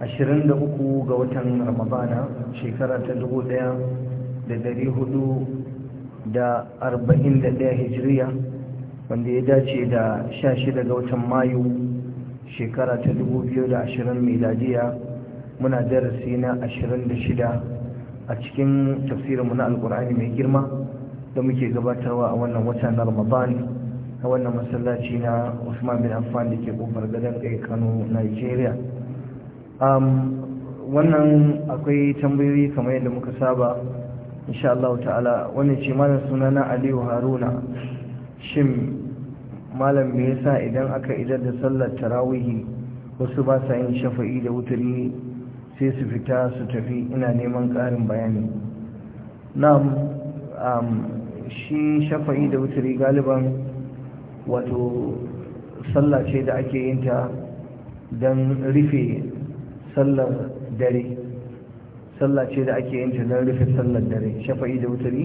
23 ga watan ramadana shekara ta 1441 hijiriya wanda ya dace da 16 ga watan mayu shekara ta 2020 miladiya muna darasi na 26 a cikin tafsirinmu na alkur'ani mai girma da muke gabatarwa a wannan wata na ramadan a wannan masallaci na usman bin affan da ke kofar gadon ɗaya kano nigeria wannan akwai tambayoyi kamar yadda muka saba insha Allah ta'ala wannan ce malam sunana Aliyu Haruna shin malam me yasa idan aka idar da sallar tarawihi wasu ba sa yin shafa'i da wutari sai su fita su tafi ina neman ƙarin bayani na'am shi shafa'i da wuturi galiban wato sallah ce da ake yin ta don rufe sallar dare sallah ce da ake yin ta don rufe sallar dare shafa'i da wutari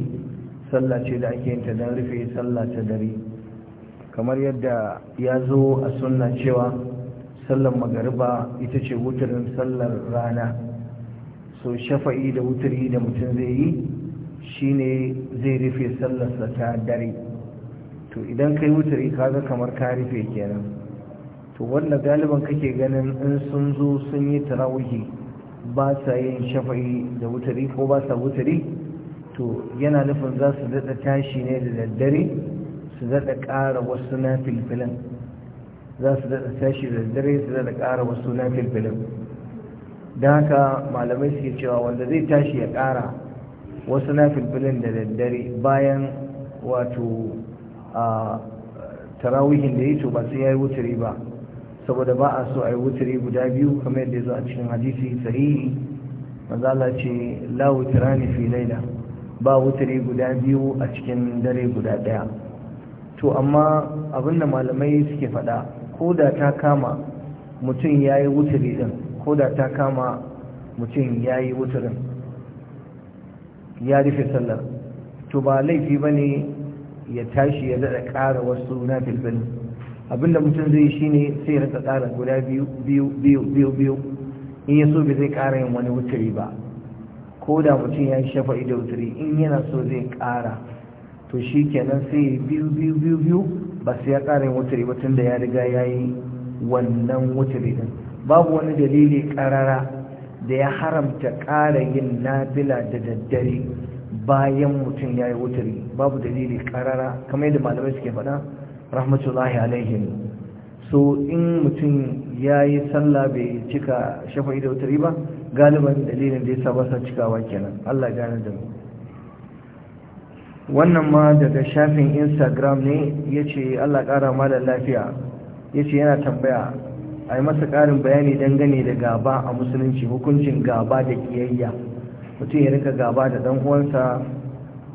sallah ce da ake yin ta don rufe sallah ta dare kamar yadda ya zo a sunna cewa sallar magariba ita ce wutarin sallar rana so shafa'i da wutari da mutum zai yi shine zai rufe sallarsa ta dare to idan kai wutari kaga kamar ka rufe kenan to wanda galiban kake ganin in sun zo sun yi tarawihi ba sa yin shafa'i da wutari ko ba sa wutari to yana nufin za su daɗa tashi ne da daddare su daɗa ƙara wasu na filfilin za su daɗa tashi da daddare su daɗa ƙara wasu na filfilin da haka malamai suke cewa wanda zai tashi ya ƙara wasu na filfilin da daddare bayan wato a tarawihin da ya to ba sai ya yi wutari ba saboda ba a so a yi wuturi guda biyu kamar yadda zo a cikin hadisi sahihi manzo Allah ce la ne fi laila ba wuturi guda biyu a cikin dare guda daya to amma abinda malamai suke faɗa ko da ta kama mutum ya yi wuturi din ko da ta kama mutum ya yi wuturin ya rufe sallar to ba laifi ba ne ya tashi ya daɗa ƙara wasu na filfilin abinda mutum zai shi ne sai rika tsara guda biyu biyu biyu biyu in ya so bai zai ƙara yin wani wuturi ba ko da mutum ya yi shafa'i da wuturi in yana so zai ƙara to shi kenan sai biyu biyu biyu biyu ba sai ya ƙara yin wuturi ba tun da ya riga ya yi wannan wuturi din babu wani dalili ƙarara da ya haramta ƙara yin nafila da daddare bayan mutum ya yi wuturi babu dalili ƙarara kamar yadda malamai suke faɗa rahmatullahi alaihim so in mutum ya yi sallah bai cika shafa'i da wutari ba galiban dalilin da ya sa basa cikawa kenan Allah gane da mu wannan ma daga shafin instagram ne yace ce Allah kara da lafiya ya yana tambaya a masa karin bayani dangane da gaba a musulunci hukuncin gaba da kiyayya mutum ya rika gaba da dan uwansa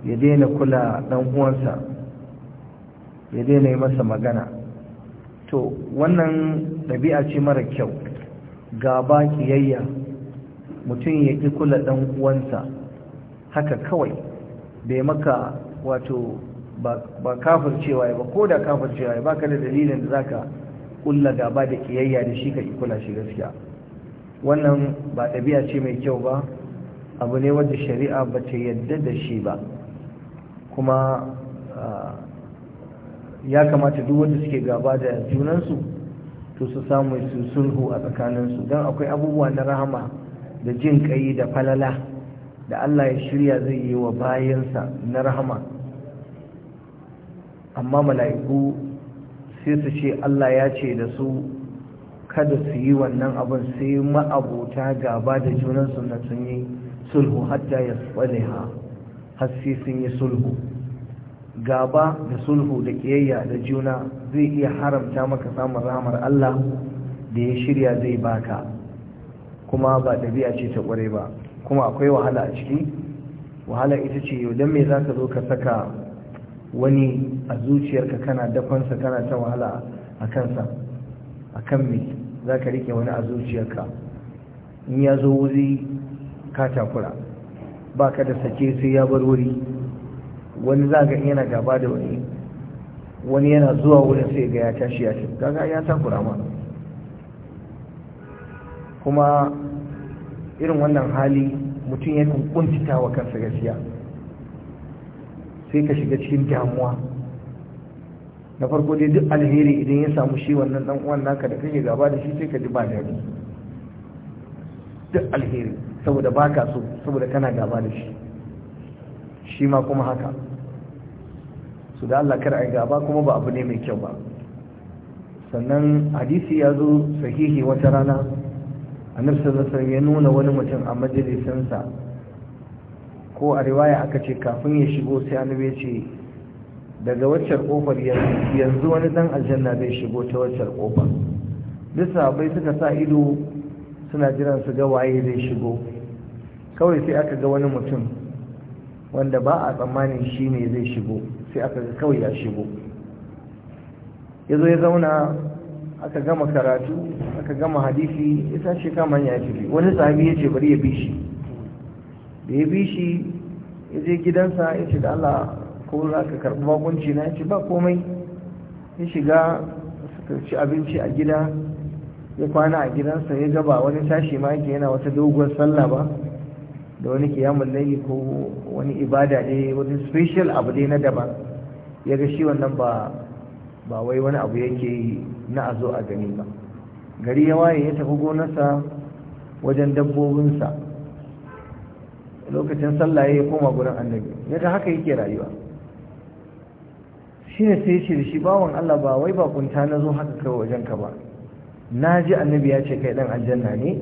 ya daina kula dan uwansa ya daina yi masa magana to wannan ɗabi'a ce mara kyau gaba kiyayya mutum ya ƙi kula ɗan uwansa haka kawai bai maka wato ba kafin cewa ba ko da kafin cewa ba ka da dalilin da za ka ƙulla gaba da kiyayya da shi ka ƙi kula shi gaskiya wannan ba ɗabi'a ce mai kyau ba abu ne wadda shari'a ba ta yadda da shi ba kuma ah, ya kamata duk wanda suke gaba da junansu to su samu su sulhu a tsakaninsu don akwai abubuwa na rahama da jin kai da falala da Allah ya shirya zai yi wa bayansa na rahama amma mala'iku sai su ce Allah ya ce da su kada su yi wannan abin sai ma'abota gaba da junansu na sun yi sulhu hatta ya tsaleha har sai sun yi sulhu gaba da sulhu da kiyayya da juna zai iya haramta maka samun rahmar Allah da ya shirya zai baka kuma ba ɗabi'a ce ta ƙware ba kuma akwai wahala a ciki wahala ita ce yau don me za ka zo ka saka wani a zuciyarka kana dafansa kana ta wahala a kansa a kan me za ka rike wani a zuciyarka in ya zo wuri ka takura ba ka da sake sai ya bar wuri wani za ga yana gaba da wani wani yana zuwa wurin sai ga ya tashi ya tafi ga ya takura ma kuma irin wannan hali mutum yakan kuntita wa kansa gaskiya sai ka shiga cikin damuwa na farko dai duk alheri idan ya samu shi wannan dan uwan naka da kake gaba da shi sai ka ji ba daɗi duk alheri saboda baka so saboda kana gaba da shi shi ma kuma haka su da Allah kar a gaba kuma ba abu ne mai kyau ba sannan hadisi ya zo sahihi wata rana annabi sallallahu alaihi ya nuna wani mutum a majalisansa ko a riwaya aka ce kafin ya shigo sai annabi ya ce daga waccar kofar yanzu wani dan aljanna zai shigo ta waccar kofar duk bai suka sa ido suna jiran su ga waye zai shigo kawai sai aka ga wani mutum wanda ba a tsammanin shi ne zai shigo sai aka ga kawai ya shigo ya zo ya zauna aka gama karatu aka gama hadisi ya tashi kaman ya shigo wani sahabi ya ce bari ya bi shi da ya bi shi ya je gidansa ya ce da Allah ko za ka karɓi bakunci na ya ce ba komai ya shiga suka ci abinci a gida ya kwana a gidansa ya gaba wani tashi ma yake yana wata doguwar sallah ba da wani kiyamun laili ko wani ibada ne wani special abu ne na daban ya ga shi wannan ba wai wani abu yake na a zo a gani ba gari ya waye ya tafi gonarsa wajen dabbobinsa lokacin sallah ya koma gurin annabi ga haka yake rayuwa shi ne sai ce da shi bawan Allah ba wai kunta na zo haka kai wajen ka ba na ji annabi ya ce kai dan aljanna ne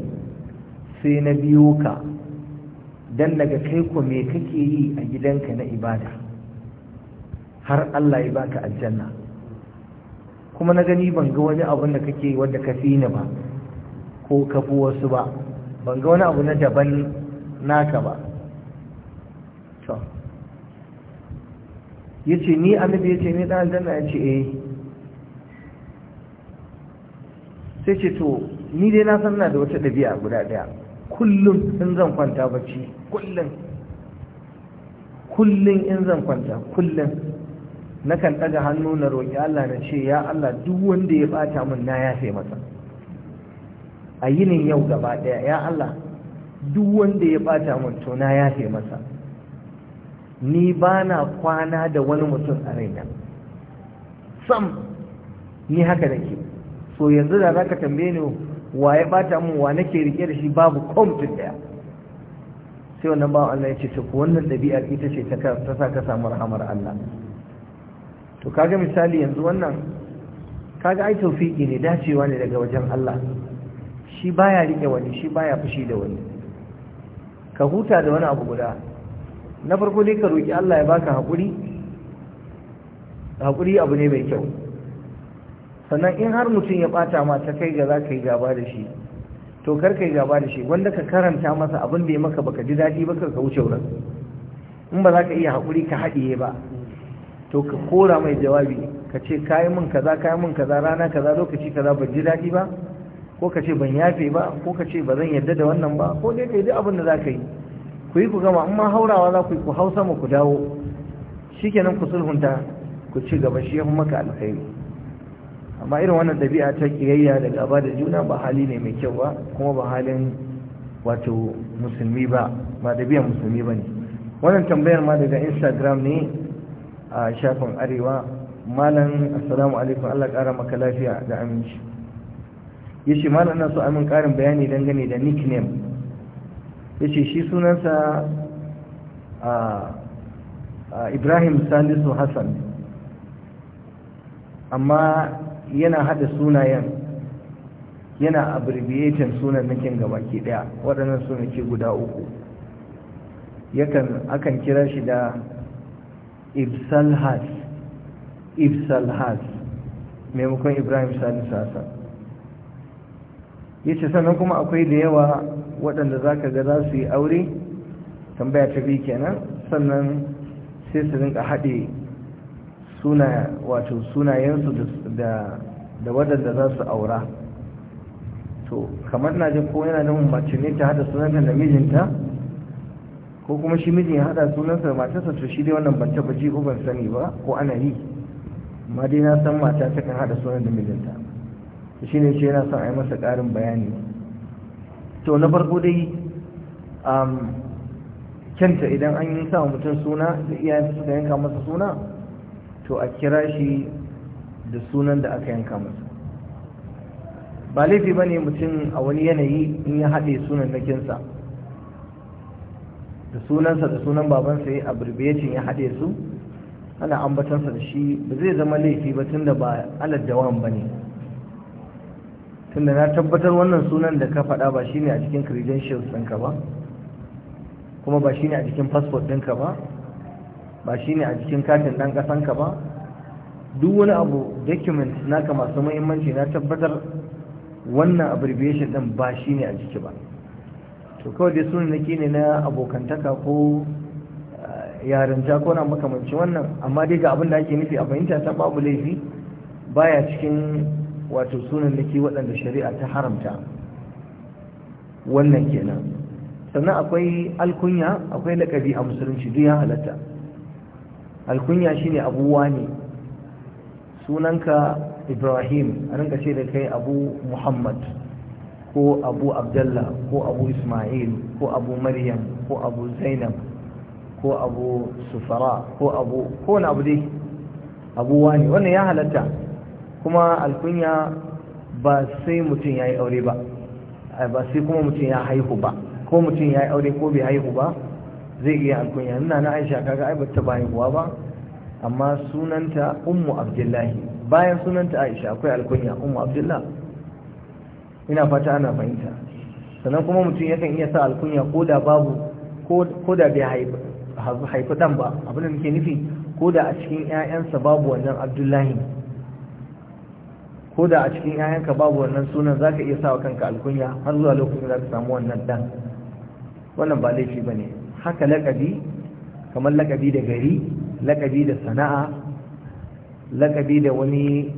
sai na biyo ka dan daga kai ko me kake yi a gidanka na ibada har Allah ya baka aljanna kuma na gani ban ga wani abu da kake wanda ka fi ni ba ko ka fi wasu ba ban ga wani abu na daban naka ba to yace ni annabi yace ni dan aljanna yace eh sai ce to ni dai na san na da wata dabi'a guda daya kullum in zan kwanta bacci kullum kullum in zan kwanta kullum nakan ɗaga hannu na roƙi Allah na ce ya Allah duk wanda ya ɓata min na yafe masa a yinin yau gaba ɗaya ya Allah duk wanda ya bata min to na yafe masa ni ba na kwana da wani mutum a raina sam ni haka nake so yanzu da za ka tambaye ni wa ya bata mun wa nake rike da shi babu komtin daya sai wannan bawan Allah ya ce to wannan dabi'ar ita ce ta sa ka samu rahamar Allah to kaga misali yanzu wannan kaga ai tawfiki ne dacewa ne daga wajen Allah shi baya rike wani shi baya fushi da wani ka huta da wani abu guda na farko dai ka roki Allah ya baka hakuri hakuri abu ne mai kyau sannan in har mutum ya bata ma ta kai ga za ka yi gaba da shi to kar ka yi gaba da shi wanda ka karanta masa abin da ya maka baka ji daɗi ba ka wuce wurin in ba za ka iya haƙuri ka haɗiye ba to ka kora mai jawabi ka ce kayi min kaza kayi min kaza rana kaza lokaci kaza ban ji daɗi ba ko ka ce ban yafe ba ko ka ce ba zan yarda da wannan ba ko dai ka duk abin da za ka yi ku yi ku gama amma haurawa za ku yi ku hau sama ku dawo shikenan ku sulhunta ku ci gaba shi ya maka alkhairi amma irin wannan dabi'a ta kiyayya da gaba da juna ba hali ne mai kyau ba kuma ba halin wato musulmi ba ba ɗabi'a musulmi ba ne wannan tambayar ma daga instagram ne a shafin arewa malam assalamu alaikum allah ƙara maka lafiya da aminci ya ce malam na so amin ƙarin bayani dangane da nickname ya ce shi sunansa ibrahim salisu hassan amma yana hada sunayen yana abbreviating sunan nakin gaba ke daya waɗannan ke guda uku yakan akan kira shi da ibsalhas ibsalhas maimakon ibrahim salisu hassan ya ce sannan kuma akwai da yawa waɗanda za ka ga za su yi aure tambaya ta biyu kenan sannan sai su rinka haɗe suna wato sunayensu da da waɗanda za su aura to kamar na jin ko yana nan mace ne ta hada sunanta da mijinta ko kuma shi mijin ya hada sunansa da matarsa to shi dai wannan ban taba ji ko ban sani ba ko ana yi amma dai na san mata ta kan hada sunan da mijinta to ne shi yana son a yi masa ƙarin bayani to na farko dai um, kyanta idan an yi sa mutum suna da iyayen suka yanka masa suna to a kira shi da sunan da aka yanka masa ba laifi ba ne mutum a wani yanayi in ya haɗe sunan nakinsa da sunansa da sunan babansa ya abirbiyacin ya haɗe su ana ambatansa da shi ba zai zama laifi ba tun da ba alad dawan ba ne tunda na tabbatar wannan sunan da ka faɗa ba shi ne a cikin credentials ɗinka ba kuma ba shi ne a cikin passport ɗinka ba ba shi ne a jikin katin ɗan ka ba duk wani abu document naka masu muhimmanci na tabbatar wannan abbreviation ɗin ba shi ne a jiki ba to kawai dai sunan nake ne na abokantaka ko eh, yarinta ko na makamanci wannan amma dai ga abin da ake nufi a fahimta ta babu laifi baya cikin wato sunan nake waɗanda shari'a ta haramta wannan kenan sannan akwai alkunya akwai lakabi a musulunci duk ya halatta alkunya shine abuwa ne sunanka ibrahim a rinka ce da kai abu muhammad ko abu Abdullah, ko abu ismail ko abu maryam ko abu zainab ko abu sufara ko abu ko abu dai abuwa ne wannan ya halatta kuma alkunya ba sai mutum ya yi aure ba ba sai kuma mutum ya haihu ba ko mutum ya yi aure ko bai haihu ba zai iya alkunya ina na aisha kaga ai bata bayan uwa ba amma sunanta ummu abdullahi bayan sunanta aisha akwai alkunya ummu abdullah ina fata ana fahimta sannan kuma mutum yakan iya sa alkunya ko da babu ko da bai haifi dan ba abin da muke nufi ko da a cikin ƴaƴansa babu wannan abdullahi ko da a cikin ƴaƴanka babu wannan sunan zaka iya sa wa kanka alkunya har zuwa lokacin da ka samu wannan dan wannan ba laifi bane haka lakabi, kamar lakabi da gari lakabi da sana'a lakabi da wani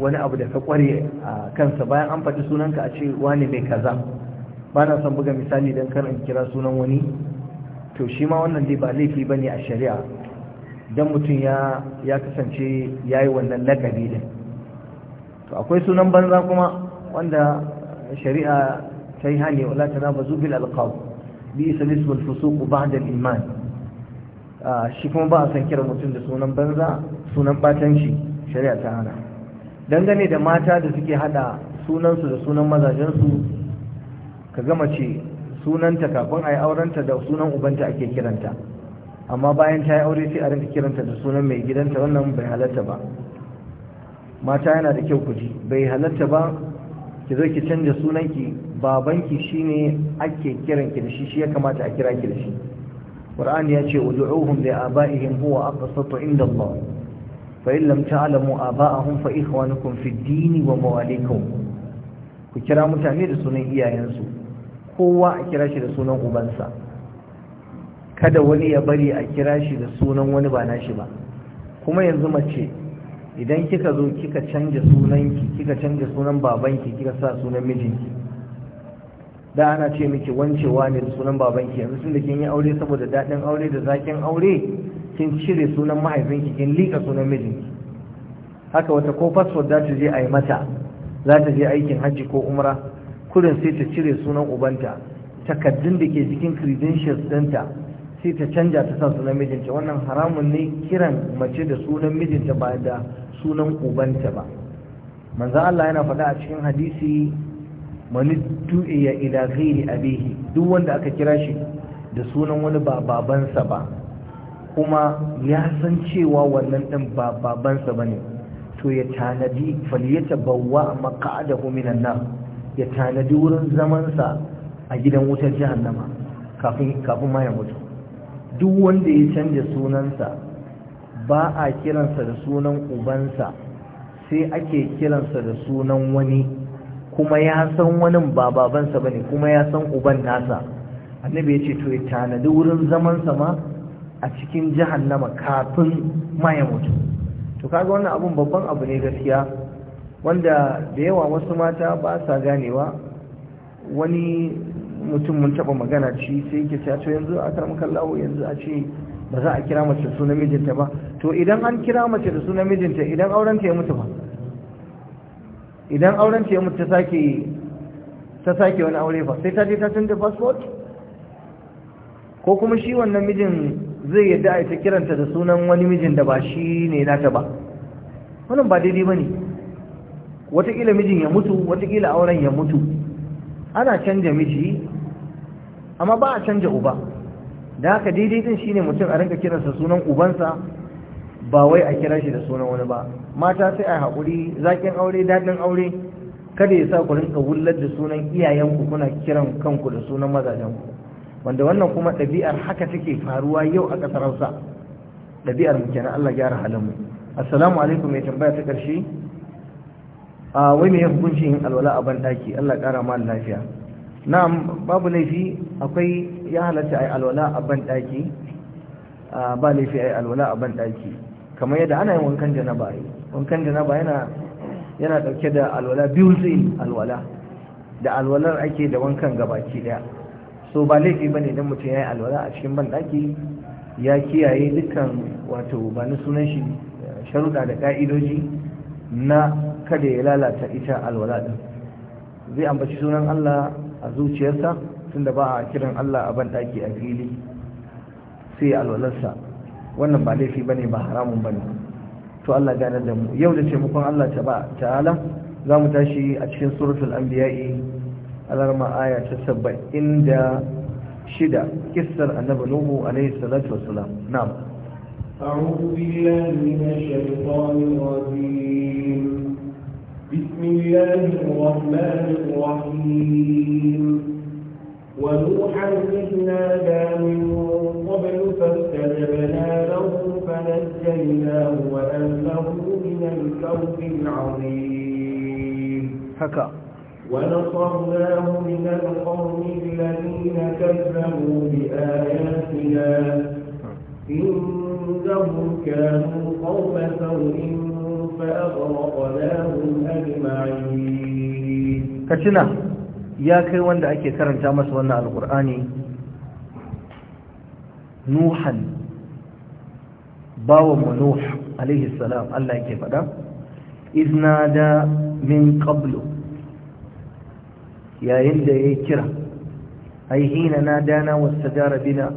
wani abu da ka kware a kansa bayan an faɗi sunanka a ce wani mai kaza ba na son buga misali don kar in kira sunan wani to shi ma wannan dai ba laifi ba ne a shari'a don mutum ya kasance ya yi wannan lakabi din to akwai sunan banza kuma wanda shari'a ta yi hali wala ta na zubin alkawo bisa isa fusuq ba'da al-iman shi kuma ba a san kira mutum da sunan banza sunan batanci shari'a ta hana dangane da mata da suke hada sunansu da sunan mazajensu ka gama ce sunanta kafin a yi aurenta da sunan ubanta ake kiranta amma bayan ta yi aure sai a rinka kiranta da sunan mai gidanta wannan bai halatta ba mata yana da kyau ku bai halatta ba ki zo ki canza sunanki babanki shine ake kiran ki da shi shi ya kamata a kira ki da shi Qur'an ya ce ud'uuhum li abaihim huwa aqsatu inda Allah fa in lam ta'lamu abaahum fa ikhwanukum fi kunfi dini wa mawalikum ku kira mutane da sunan iyayensu kowa a kira shi da sunan ubansa kada wani ya bari a kira shi da sunan wani ba na shi ba kuma yanzu mace idan kika zo kika canja sunanki kika canja sunan babanki kika sa sunan mijinki da ana ce miki wancewa ne da sunan babanki yanzu tun da kin yi aure saboda daɗin aure da zakin aure kin cire sunan mahaifinki kin liƙa sunan mijinki haka wata ko fasfot za ta je a yi mata za ta je aikin hajji ko umra kurin sai ta cire sunan ubanta takaddun da ke cikin credentials ɗinta sai ta canja ta sa sunan mijinta wannan haramun ne kiran mace da sunan mijinta ba da sunan ubanta ba manzo Allah yana faɗa a cikin hadisi maniddu'iya ila ghairi abihi duk wanda aka kira shi da sunan wani ba babansa ba kuma ya san cewa wannan din ba babansa bane to ya tanadi faliyata bawwa maqadahu minan nar ya tanadi wurin zaman sa a gidan wutar jahannama kafin kafin ma ya mutu duk wanda ya canja sunansa ba a kiransa da sunan ubansa sai ake kiransa da sunan wani kuma ya san wani ba babansa bane kuma ya san uban nasa annabi ya ce to tanadi wurin zamansa ma a cikin jahannama kafin ma ya mutu to kaga wannan abun babban abu ne gaskiya wanda da yawa wasu mata ba sa ganewa wani mutum mun taba magana ci sai yake cewa yanzu a karamakan yanzu a ce ba za a kira mace da sunan mijinta ba to idan an kira mace da sunan mijinta idan aurenta ya mutu ba idan aurenta ya mutu ta sake ta sake wani aure ba sai ta je ta canza passport ko kuma shi wannan mijin zai yadda a ita kiranta da sunan wani mijin da ba shi ne nata ba wannan ba daidai ba ne wataƙila mijin ya mutu wataƙila auren ya mutu ana canja miji amma ba a canja uba da haka daidai din shine mutum a rinka kiransa sunan ubansa ba wai a kira shi da sunan wani ba mata sai a hakuri, zakin aure daɗin aure kada ya sa ku rinka wullar da sunan iyayenku kuna kiran kanku da sunan mazajenku wanda wannan kuma ɗabi'ar haka take faruwa yau a ƙasar Hausa ɗabi'ar mu kenan Allah gyara halin mu assalamu alaikum mai tambaya ta karshe a ah, wai me hukunci yin alwala a ban Allah ƙara mana lafiya na'am babu laifi akwai ya halatta ai alwala a ban daki ba laifi ai alwala a ban daki kamar yadda ana yin wankan janaba ai wankan janaba yana yana dauke da alwala biyu in alwala da alwalar ake da wankan gabaki daya so ba laifi bane idan mutum ya yi alwala a cikin ban daki ya kiyaye dukkan wato ba na sunan shi sharuɗa da ƙa'idoji? na kada ya lalata ita alwala din zai ambaci sunan Allah a zuciyarsa tunda ba a kiran Allah a banɗaki a fili sai alwalarsa wannan ba laifi bane ba haramun bane to Allah gane da mu yau da taimakon Allah ta ta'ala za mu tashi a cikin suratul anbiya'i alarma aya ta saba'in da shida kissar annabi nuhu alaihi salatu wassalam na'am أعوذ بالله من الشيطان الرجيم بسم الله الرحمن الرحيم ونوحا إذ نادى من قبل فاستجبنا له فنجيناه وأنه من الكرب العظيم حكى ونصرناه من القوم الذين كذبوا بآياتنا نعم. إنهم كانوا قوم سوء Kacina ya kai wanda ake karanta masa wannan alkur'ani nuhan bawa manuh alaihi salam Allah yake fada da min qablu yayin da ya kira aihina nadana wasadara bina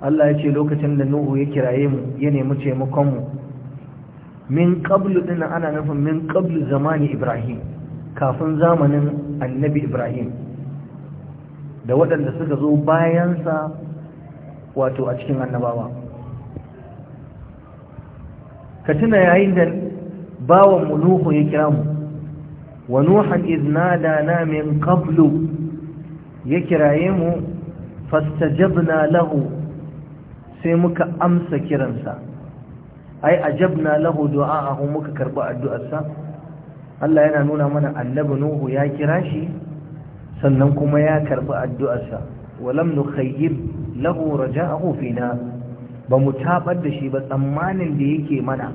Allah ya ce lokacin da nuhu ya kiraye mu ya nemi taimakonmu min qablu din ana nufin min qablu zamani ibrahim kafin zamanin annabi ibrahim da waɗanda suka zo bayansa wato a cikin annabawa ka tuna yayin da bawan muluhu ya kira mu wa nuhan iznada na min qablu ya kiraye mu fastajabna lahu sai muka amsa kiransa ai ajabna lahu du'a'ahu muka karɓi addu'arsa Allah yana nuna mana annabi Nuhu ya kira shi sannan kuma ya karbi addu'arsa walam nukhayyib lahu raja'ahu fina ba mu tabar da shi ba tsammanin da yake mana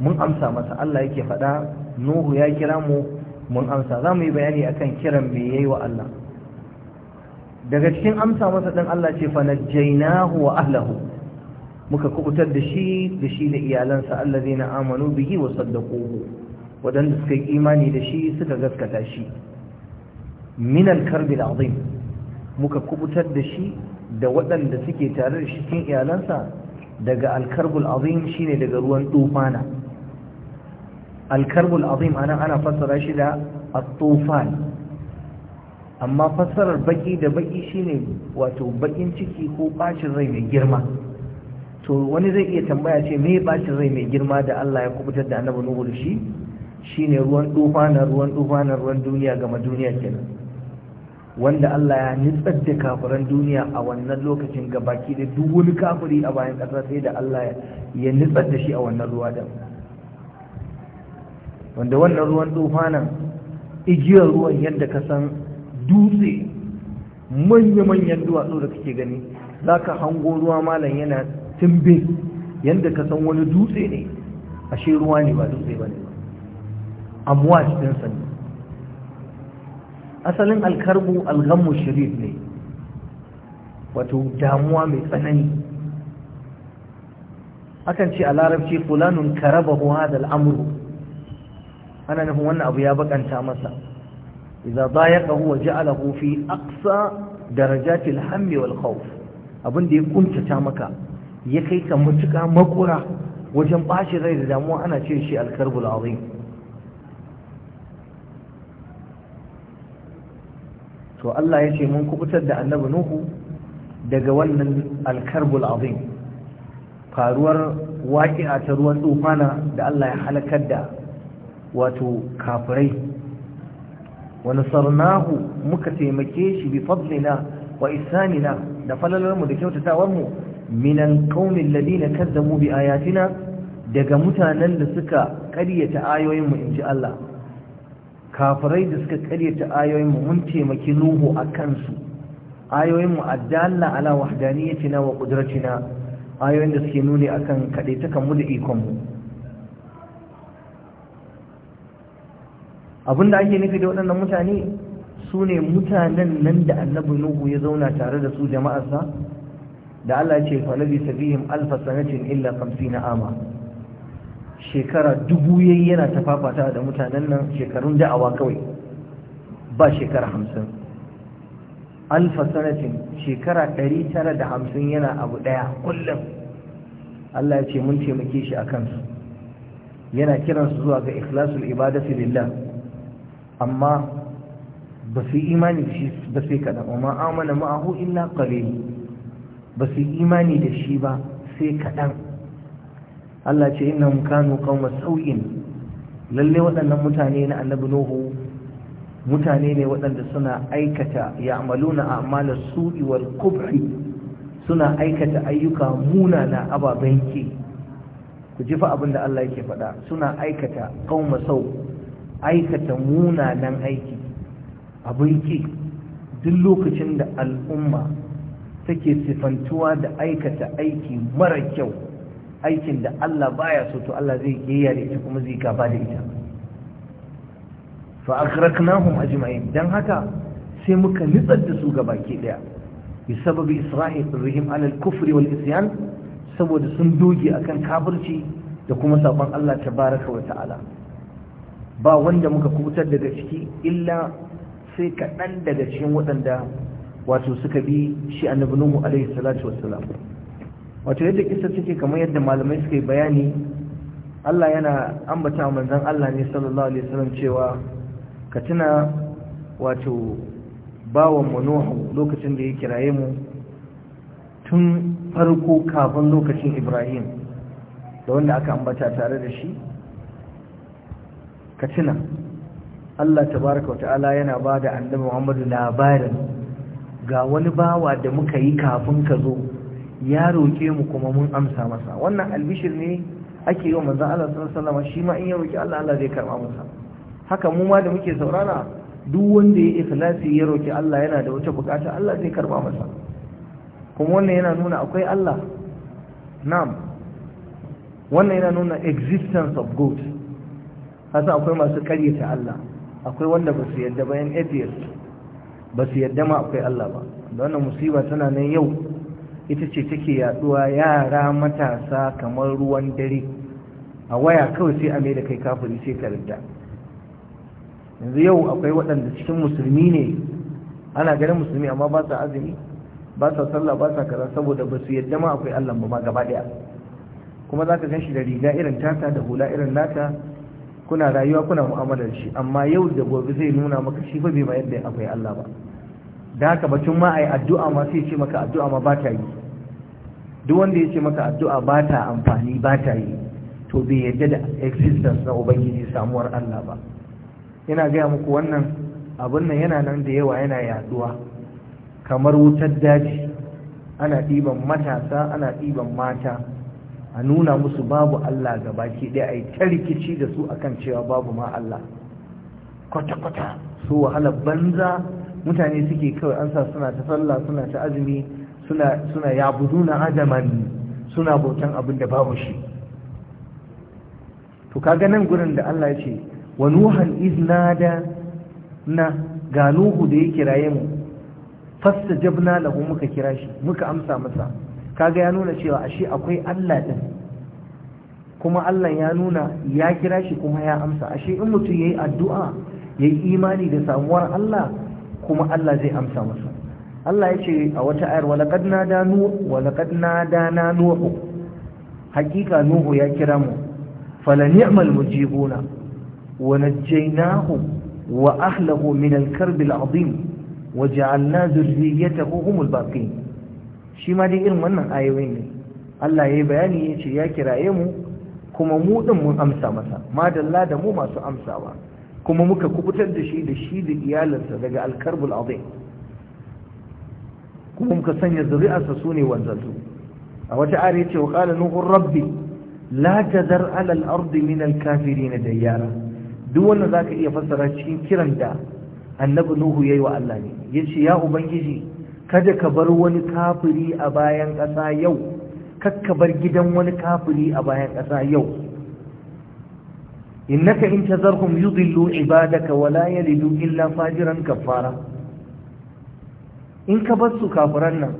mun amsa masa Allah yake faɗa Nuhu ya kira mu mun amsa za mu yi bayani akan kiran me yayi wa Allah daga cikin amsa masa din Allah ce fa najjaynahu wa muka kubutar da shi da shi da iyalansa allazina amanu bihi wa saddaquhu wadanda suka yi imani da shi suka gaskata shi min al-karb al-azim muka kubutar da shi da wadanda suke tare da shi cikin iyalansa daga al-karb al-azim shine daga ruwan tufana al-karb al-azim ana ana fassara shi da at-tufan amma fassarar baki da baki shine wato bakin ciki ko bacin rai mai girma to wani zai iya tambaya ce me bacin rai mai girma da Allah ya kubutar da annabi nuhu da shi shine ruwan na ruwan na ruwan duniya gama duniya kenan wanda Allah ya nitsar da kafiran duniya a wannan lokacin ga baki da duk wani kafiri a bayan ƙasa sai da Allah ya nitsar da shi a wannan ruwa da wanda wannan ruwan tufanin igiyar ruwan yadda ka san dutse manya-manyan duwatsu da kake gani za ka hango ruwa malam yana tumbe yadda ka san wani dutse ne ashe ruwa ne ba dutse ba ne amuwa cikin sani asalin alkarbu algammu shirin ne wato damuwa mai tsanani akan ce a larabci fulanun karaba huwa da al'amuru ana nufin wannan abu ya bakanta masa iza dayaka huwa ja'alahu fi aksa darajatil hammi wal khawf abin da ya kuntata maka ya kai ka matuƙa makura wajen bashi rai da damuwa ana ce shi alkarbul azim to Allah ya ce mun kubutar da annabi nuhu daga wannan alkarbul azim faruwar waƙi'a ta ruwan tsufana da Allah ya halakar da wato kafirai wani sarnahu muka taimake shi bi fadlina wa isanina da falalarmu da kyautatawarmu minan qaumin ladina kazzabu bi ayatina daga mutanen da suka ƙaryata ayoyinmu mu Allah kafirai da suka ƙaryata ayoyinmu mun taimaki nuhu akan su ayoyin mu addalla ala wahdaniyatina wa qudratina ayoyin da suke nuni akan kadaitakan mu da ikon mu da ake nufi da waɗannan mutane su ne mutanen nan da annabi nuhu ya zauna tare da su jama'arsa da Allah ce falabi sabihim alfa sanatin illa 50 ama shekara dubu yayi yana tafafata da mutanen nan shekarun da'awa kawai ba shekara 50 alfa sanatin shekara 950 yana abu daya kullum Allah ya ce mun taimake shi akan su yana kiran su zuwa ga ikhlasul ibadati lillah amma ba su imani shi ba sai kadan amma amana ma'ahu illa qalil ba su imani da shi ba sai kaɗan Allah ce ina kanu kauma sau'in lalle waɗannan mutane na annabi nuhu mutane ne waɗanda suna aikata ya amaluna a amala su'i wal suna aikata ayyuka muna na ababen ki ku ji fa abin da Allah yake faɗa suna aikata kauma sau aikata munanan aiki abin ki duk lokacin da al'umma take sifantuwa da aikata aiki mara kyau aikin da Allah baya so to Allah zai kiyaye da ita kuma zai gaba da ita fa aghraqnahum ajma'in dan haka sai muka nitsar da su gabaki daya bi sababi isra'ihim ala al-kufri wal isyan saboda sun doge akan kafirci da kuma sabon Allah tabaraka wa ta'ala ba wanda muka kubutar daga ciki illa sai kaɗan daga cikin waɗanda wato suka bi shi annabi nuhu alaihi salatu wassalam wato yadda kisa take kamar yadda malamai suka yi bayani Allah yana ambata manzon Allah ne sallallahu alaihi wasallam cewa ka tuna wato bawan mu nuhu lokacin da ya kiraye mu tun farko kafin lokacin Ibrahim da wanda aka ambata tare da shi ka tuna Allah tabaraka wa ta'ala yana ba da annabi Muhammadu labarin ga wani bawa da muka yi kafin ka zo ya roƙe mu kuma mun amsa masa wannan albishir ne ake yi wa manzan Allah sallallahu alaihi shi ma in ya roƙi Allah Allah zai karɓa masa haka mu ma da muke saurana duk wanda ya ikhlasi ya roƙi Allah yana da wata bukata Allah zai karɓa masa kuma wannan yana nuna akwai Allah na'am wannan yana nuna existence of God hasa akwai masu karyata Allah akwai wanda ba su yadda bayan atheist ba su yarda ma akwai Allah ba da wannan musiba tana nan yau ita ce take yaduwa yara matasa kamar ruwan dare a waya kawai sai a mai da kai kafiri sai ka ridda yanzu yau akwai waɗanda cikin musulmi ne ana ganin musulmi amma ba sa azumi ba sa sallah ba sa kaza saboda ba su yadda ma akwai Allah ba ma gaba daya kuma zaka gan shi da riga irin tata da hula irin nata kuna rayuwa kuna mu'amalar shi amma yau da gobe zai nuna maka shi ba bai ma yadda akwai Allah ba da haka batun ma ai addu'a ma sai ce maka addu'a ma ba ta yi duk wanda ya ce maka addu'a ba ta amfani ba ta yi to bai yadda da existence na ubangiji samuwar Allah ba yana gaya muku wannan abin nan yana nan da yawa yana yaduwa kamar wutar daji ana ɗiban matasa ana ɗiban mata a nuna musu babu Allah ga baki ɗaya a yi ta rikici da su akan cewa babu ma Allah kwata-kwata su wahala banza mutane suke kawai an sa suna ta sallah suna ta azumi suna suna yabuduna adaman suna bautan abin da babu shi to kaga nan gurin da Allah ya ce wa nuhan iznada na ga nuhu da ya kiraye mu jabna lahu muka kira shi muka amsa masa kaga ya nuna cewa ashe akwai Allah din kuma Allah ya nuna ya kira shi kuma ya amsa ashe in mutum yayi addu'a yayi imani da samuwar Allah kuma Allah zai amsa masa Allah ya ce a wata ayar walaqad nadanu walaqad nadana nuhu hakika nuhu ya kira mu falani'mal mujibuna ونجيناه وأهله من الكرب العظيم وجعلنا ذريته هم الباقين shi ma dai irin wannan ayoyin ne Allah ya yi bayani ya ce ya kiraye mu kuma mu ɗin mun amsa masa madalla da mu masu amsawa kuma muka kubutar da shi da shi da iyalinsa daga alkarbul azim kuma muka sanya zuri'arsa su ne wanzansu a wata ari ce wa qala nuhu rabbi la tazar ala al-ard min al-kafirin dayyara duk wannan zaka iya fassara cikin kiran da annabi nuhu yayi wa Allah ne yace ya ubangiji kada ka bar wani kafiri a bayan ƙasa yau kakka bar gidan wani kafiri a bayan ƙasa yau innaka in tazarhum yudillu ibadaka wala yalidu illa fajiran kafara in ka bar su kafiran nan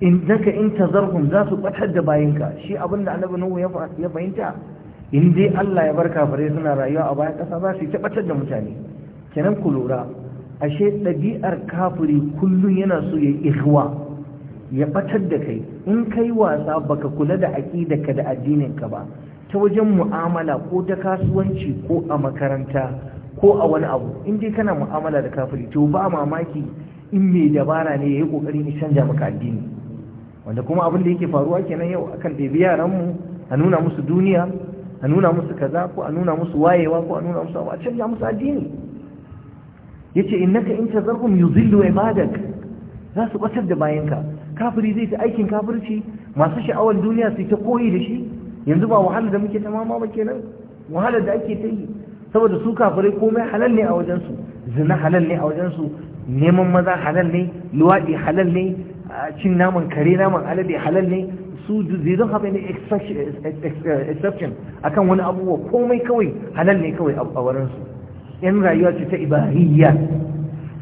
innaka in tazarhum za su batar da bayinka shi abinda annabi nuhu ya fahimta in dai Allah ya bar kafirai suna rayuwa a bayan ƙasa za su ta batar da mutane kenan ku lura ashe ɗabi'ar kafiri kullum yana so ya ihwa ya ɓatar da kai in kai wasa baka kula da ka da addininka ba ta wajen mu'amala ko ta kasuwanci ko a makaranta ko a wani abu in dai kana mu'amala da kafiri to ba mamaki in mai dabara ne ya yi ƙoƙarin ya canja maka addini wanda kuma abin da yake faruwa kenan yau akan ɗabi yaranmu a nuna musu duniya a nuna musu kaza ko a nuna musu wayewa ko a nuna musu abu a canja musu addini yace innaka in tazarhum yuzillu ibadak za su batar da bayanka kafiri zai ta aikin kafirci masu sha'awar duniya su ta koyi da shi yanzu ba wahalar da muke ta mama ba kenan wahalar da ake ta yi saboda su kafirai komai halal ne a wajensu zina halal ne a wajensu neman maza halal ne luwaɗi halal ne cin naman kare naman alade halal ne su zai don't have ne exception akan wani abubuwa komai kawai halal ne kawai a wurinsu yan rayuwa ce ta ibahiyya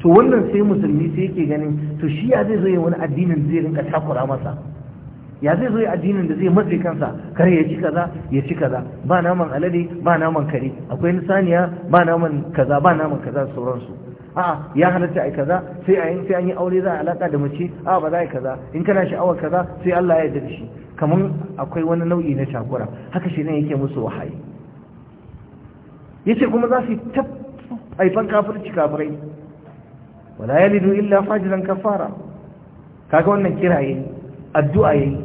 to wannan sai musulmi sai yake ganin to shi ya zai zo ya wani addinin zai rinka takura masa ya zai zo ya addinin da zai matse kansa kare ya ci kaza ya ci kaza ba naman alade ba naman kare akwai nisaniya ba naman kaza ba naman kaza sauransu a'a ya halatta yi kaza sai ayin sai an yi aure za a alaka da mace a ba za a yi kaza in kana sha'awar kaza sai Allah ya yarda kamar shi Kamar akwai wani nau'i na takura haka shi ne yake musu wahayi yace kuma za su haifan kafirci kafirai wala yalidu illa fajiran kafara kaga wannan kiraye addu'a yayi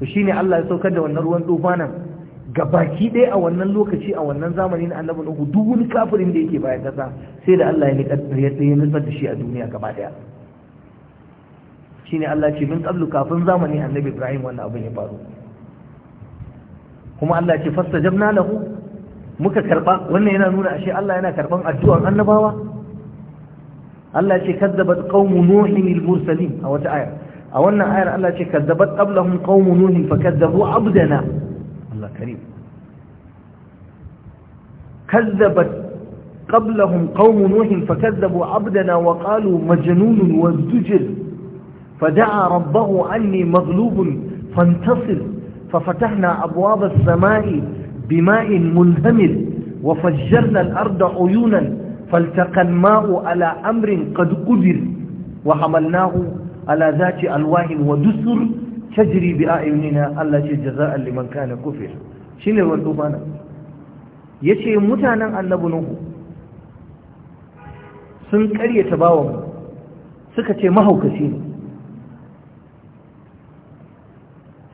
to shine Allah ya saukar da wannan ruwan ga baki ɗaya a wannan lokaci a wannan zamani na annabi Nuhu duk wani kafirin da yake bayan kasa sai da Allah ya nutsar da shi a duniya gaba daya shine Allah ce min qablu kafin zamani annabi Ibrahim wannan abin ya faru kuma Allah ce fastajabna lahu muka karba wannan yana nuna ashe Allah yana karban addu'ar annabawa Allah ce kazzabat qaumu nuhin al-mursalin a wata aya a wannan ayar Allah ce kazzabat qablahum qaumu nuhin fakazzabu abdana Allah karim kazzabat qablahum qaumu nuhin fakazzabu abdana wa qalu majnun wa zujir fadaa rabbahu anni maghlubun fantasir ففتحنا أبواب السماء بماء منهمل وفجرنا الأرض عيونا فالتقى الماء على أمر قد قدر وحملناه على ذات ألواه ودسر تجري بأعيننا التي جزاء لمن كان كفر شين الوردوبانا يشي متانا النبو نوه سنكري تباوم سكتي مهو كسين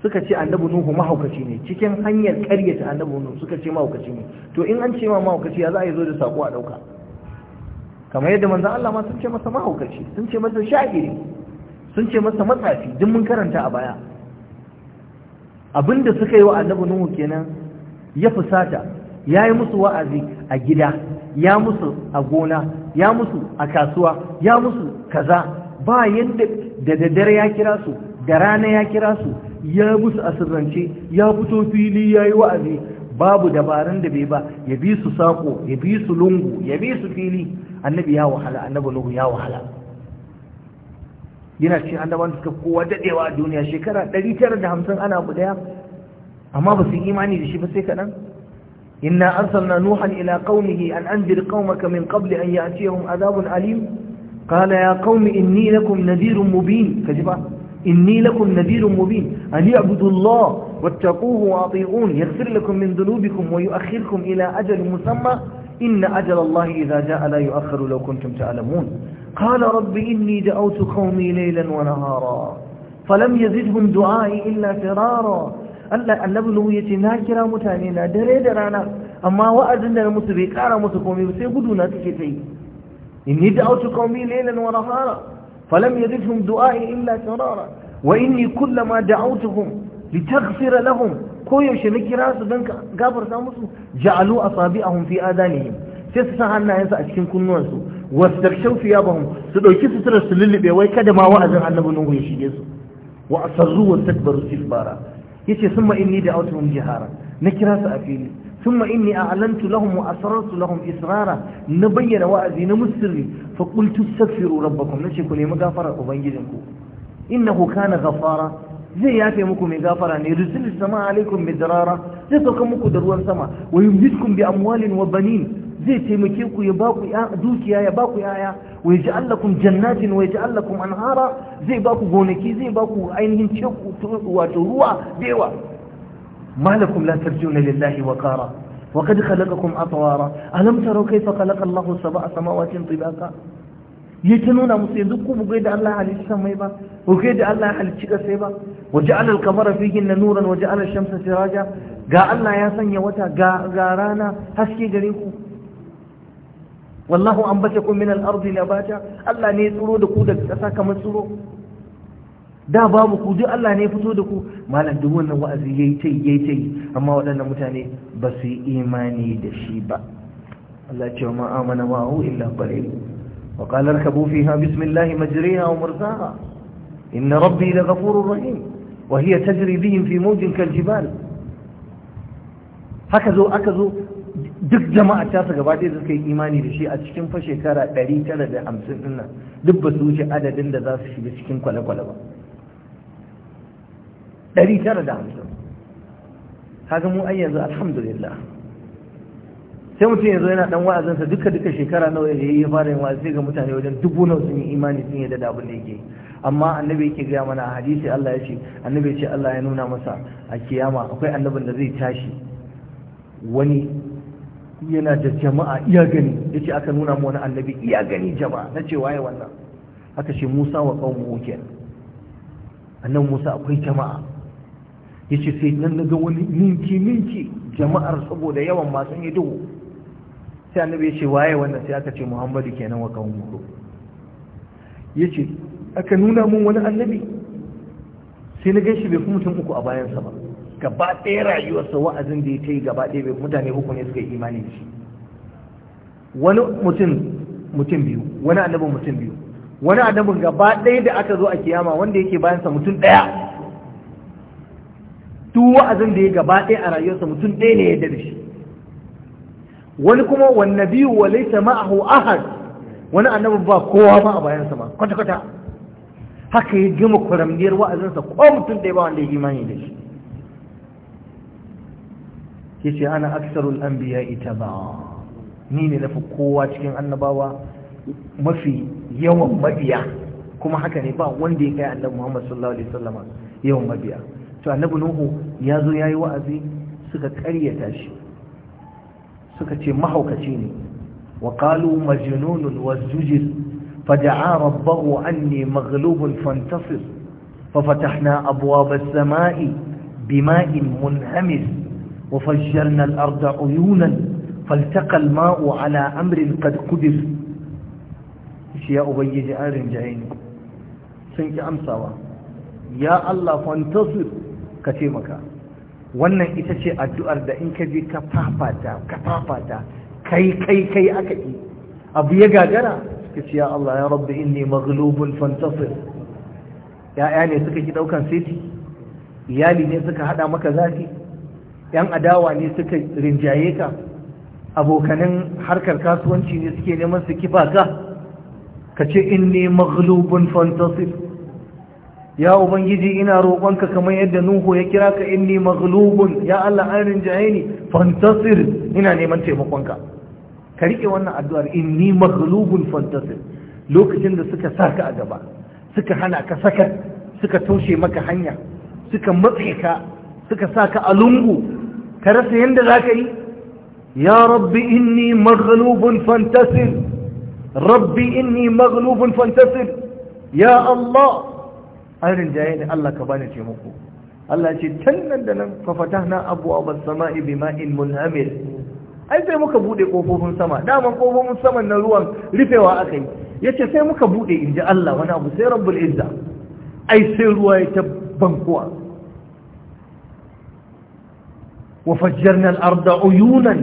suka ce annabi nuhu mahaukaci ne cikin hanyar karyata annabi nuhu suka ce mahaukaci ne to in an ce ma mahaukaci ya za a yi zo da sako a dauka kamar yadda manzon Allah ma sun ce masa mahaukaci sun ce masa shahiri sun ce masa matsafi duk mun karanta a baya abinda suka yi wa annabi nuhu kenan ya fusata ya yi musu wa'azi a gida ya musu a gona ya musu a kasuwa ya musu kaza ba yadda da dare ya kira su da rana ya kira su ya musu asirrance ya fito fili ya yi wa'azi babu dabarun da bai ba ya bi su sako ya bi su lungu ya bi su fili annabi ya wahala annabi lungu ya wahala yana ce annaban suka kowa dadewa a duniya shekara 950 ana abu daya amma ba su imani da shi ba sai kaɗan inna arsalna nuhan ila qaumihi an anzir qaumaka min qabli an ya'tiyahum adhabun alim qala ya qaumi inni lakum nadhirun mubin kaji ba إني لكم نذير مبين أن يعبدوا الله واتقوه وأطيعون يغفر لكم من ذنوبكم ويؤخركم إلى أجل مسمى إن أجل الله إذا جاء لا يؤخر لو كنتم تعلمون قال رب إني دعوت قومي ليلا ونهارا فلم يزدهم دعائي إلا فرارا ألا أن ya ce na kira mutane na dare da rana amma wa'azin da na musu bai kara musu فلم يزدهم دعائي إلا فرارا وإني كلما دعوتهم لتغفر لهم كويش نكراس دنك غابر سامسو جعلوا أصابعهم في آذانهم تسعى الناس أشكين كنوانسو واستغشوا ثيابهم سدوكي سترس للبيا ويكاد ما وأذن عن نبنه يشيجيسو وأصروا واستكبروا استكبارا يتي ثم إني دعوتهم جهارا نكراس أفيني ثم إني أعلنت لهم وأسررت لهم إسرارا نبين na نمسر فقلت استغفروا ربكم نشكوا لي مغافرة أبنجلكم إنه كان غفارا zai yafe muku mai gafara ne rizul sama alaikum midrara zai sauka muku da ruwan sama wa yumditkum bi amwalin wa banin zai taimake ku ya baku dukiya ya baku yaya wa yaj'al lakum jannatin wa yaj'al lakum anhara zai baku gonaki zai baku ainihin teku wato ruwa da yawa ما لكم لا ترجون لله وقارا وقد خلقكم أطوارا ألم تروا كيف خلق الله سبع سماوات طباقا يتنون مسيذكم وقيد الله على السماء با وقيد الله على الشقسي با وجعل القمر فيهن نورا وجعل الشمس سراجا قال الله يا سنيا وتا قارانا هسكي قريكم والله أنبتكم من الأرض نباتا الله نيسرو دكودك أساك مسرو da babu ku duk Allah ne ya fito da ku malam duk wannan wa'azi yayi tai yayi tai amma waɗannan mutane ba su yi imani da shi ba Allah ce ma amana hu illa qalil wa qala rakabu fiha bismillah majriha wa murzaha inna rabbi la ghafurur rahim wa hiya tajri bihim fi mawjin kal jibal haka zo aka zo duk jama'a ta su gaba dai suka yi imani da shi a cikin fa shekara 950 din nan duk ba su wuce adadin da za su shiga cikin kwale-kwale ba ɗari tara da hamsin mu ai yanzu alhamdulillah sai mutum yanzu yana dan wa'azinsa duka duka shekara nawa ya yi fara yin wa'azi ga mutane wajen dubu nawa sun yi imani sun yadda da abin da yake amma annabi yake gaya mana a hadisi Allah ya ce annabi ce Allah ya nuna masa a kiyama akwai annabin da zai tashi wani yana da jama'a iya gani ya ce aka nuna mu wani annabi iya gani jama'a na ce waye wannan aka ce Musa wa qaumu kenan annan Musa akwai jama'a yace sai nan naga wani ninki ninki jama'ar saboda yawan masu yi duhu sai annabi ce waye wannan sai aka ce Muhammadu kenan wa kawun Ya yace aka nuna mun wani annabi sai na ganshi bai kuma mutum uku a bayansa ba gaba ɗaya rayuwarsa wa'azin da ya ta yi gaba ɗaya bai mutane uku ne suka yi imani shi wani mutum mutum biyu wani annabin mutum biyu wani annabin gaba ɗaya da aka zo a kiyama wanda yake bayansa mutum ɗaya duk wa'azin da ya gaba ɗaya a rayuwarsa mutum ɗaya ne ya da shi wani kuma wanne biyu wa a ma'ahu ahad wani annabin ba kowa ma a bayansa ma kwata kwata haka ya gama kuramniyar wa'azinsa ko mutum ɗaya ba wanda ya imani da shi Ya ce ana aksarul an biya ita ba ni ne fi kowa cikin annabawa mafi yawan mabiya kuma haka ne ba wanda ya kai annabi Muhammad sallallahu alaihi wasallam yawan mabiya to annabi Nuhu ya zo ya yi wa'azi suka karyata shi suka ce mahaukaci ne wa kalu majnunun wasjujir fada'a rabbahu anni maghlubun fantasir ففتحنا أبواب السماء بماء منهمس وفجرنا الأرض عيونا فالتقى الماء على أمر قد قدر يا أبي جعل جعيني سنك أمسوا يا الله فانتصر ka taimaka wannan ita ce addu'ar da in ka je ka fafata ka fafata kai kai kai aka yi abu ya gagara suka ce ya Allah ya rabbi inni maghlubun fantasir ya'ya ne suka ki daukan siti iyali ne suka hada maka zafi yan adawa ne suka rinjaye ka abokanin harkar kasuwanci ne suke neman su kifa ka ka ce inni maghlubun fantasir ya ubangiji ina roƙonka kamar yadda nuhu ya kira ka inni maghlubun ya Allah an rinjaye ni fantasir ina neman taimakonka ka rike wannan addu'ar inni maghlubun fantasir lokacin da suka saka a gaba suka hana ka saka suka toshe maka hanya suka matse ka suka saka a lungu ka rasa yadda za ka yi ya rabbi inni maghlubun fantasir rabbi inni maghlubun fantasir ya Allah an rinjaye ni Allah ka bani taimako Allah ce tan nan da nan fa fatahna abwaabas samaa'i bima'in munhamir ai sai muka bude kofofin sama daman kofofin sama na ruwan rufewa akai yace sai muka bude inji Allah wani abu sai rabbul izza ai sai ruwa ya ta bankuwa wa fajjarna al-arda uyunan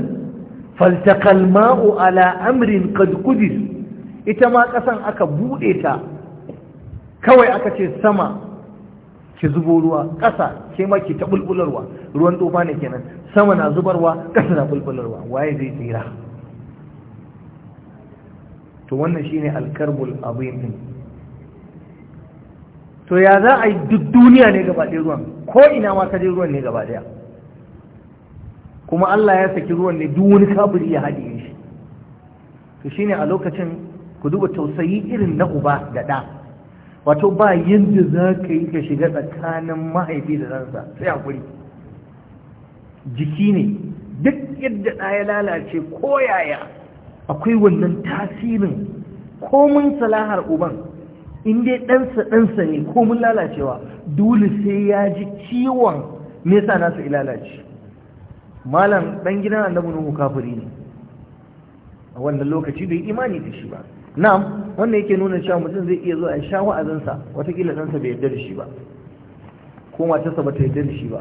faltaqa al-ma'u ala amrin qad ita ma kasan aka bude ta kawai aka ce sama ki zubo ruwa ƙasa ke ma ki ta bulbularwa ruwan tofa ne kenan sama na zubarwa ƙasa na bulbularwa waye zai tsira to wannan shine alkarbul abin to ya za a yi duk duniya ne gaba ɗaya ruwan ko ina ma ka je ruwan ne gaba ɗaya kuma Allah ya saki ruwan ne duk wani kafiri ya haɗiye shi to shine a lokacin ku duba tausayi irin na uba da ɗa wato ba yadda za ka yi ka shiga tsakanin mahaifi da ɗansa sai kuri. jiki ne duk yadda ɗa ya lalace ko yaya akwai wannan tasirin komin salahar uban in dai ɗansa ɗansa ne komin lalacewa dole sai ya ji ciwon nesa nasu ilalace malam ɗan gidan annabi nuhu kafiri ne a wannan lokaci bai imani da shi ba na'am wannan yake nuna cewa mutum zai iya zuwa ya sha wa'azinsa watakila ɗansa bai yarda da shi ba ko matarsa ba ta yarda da shi ba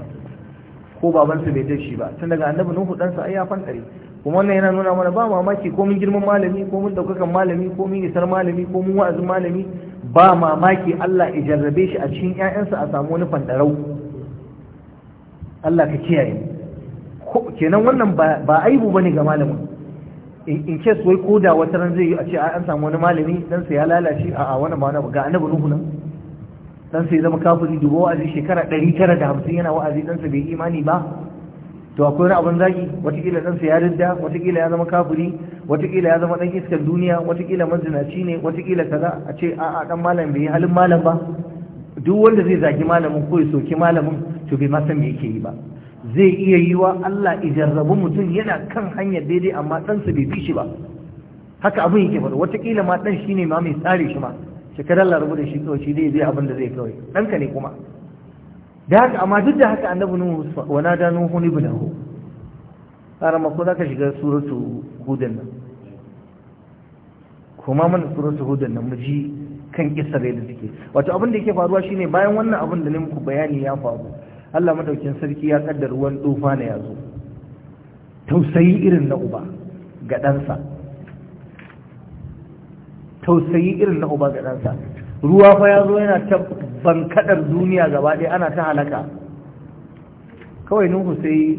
ko babansa bai yarda da shi ba tun daga annabi nuhu ɗansa ai ya fankare kuma wannan yana nuna mana ba mamaki ko mun girman malami ko mun daukakan malami ko mun isar malami ko mun wa'azin malami ba mamaki Allah ya jarrabe shi a cikin ƴaƴansa a samu wani fandarau Allah ka kiyaye kenan wannan ba aibu bane ga malamin in kes wai koda wata ran zai yi a ce an samu wani malami dan sai ya lalace a a wani mana ga annabi nuhu nan dan sai zama kafiri dubo wa'azi shekara 950 yana wa'azi dan sai bai imani ba to akwai wani abun zagi kila dan sai ya ridda kila ya zama kafiri kila ya zama dan iskar duniya watakila mazinaci ne kila kaza a ce a a dan malam bai halin malam ba duk wanda zai zagi malamin ko ya soki malamin to bai ma san me yake yi ba zai iya yiwa Allah ijarrabu mutum yana kan hanyar daidai amma ɗansa bai fi shi ba haka abin yake faru watakila ma ɗan shi ne ma mai tsare shi ma shekarar larabu da shi kawai shi zai zai abin da zai kawai ɗanka ne kuma da haka amma duk da haka annabi nuhu wa nada nuhu ni bulahu tsara mako za ka shiga suratu hudun nan kuma mana suratu hudun nan mu ji kan kisar da suke wato abin da yake faruwa shine bayan wannan abin da ne muku bayani ya faru Allah madaukin sarki ya kaddar ruwan tsufa ne yazo tausayi irin na uba ga ɗansa tausayi irin na uba ga ɗansa ruwa fa ya zo yana ta bankadar duniya gaba ɗaya ana ta halaka kawai nuhu sai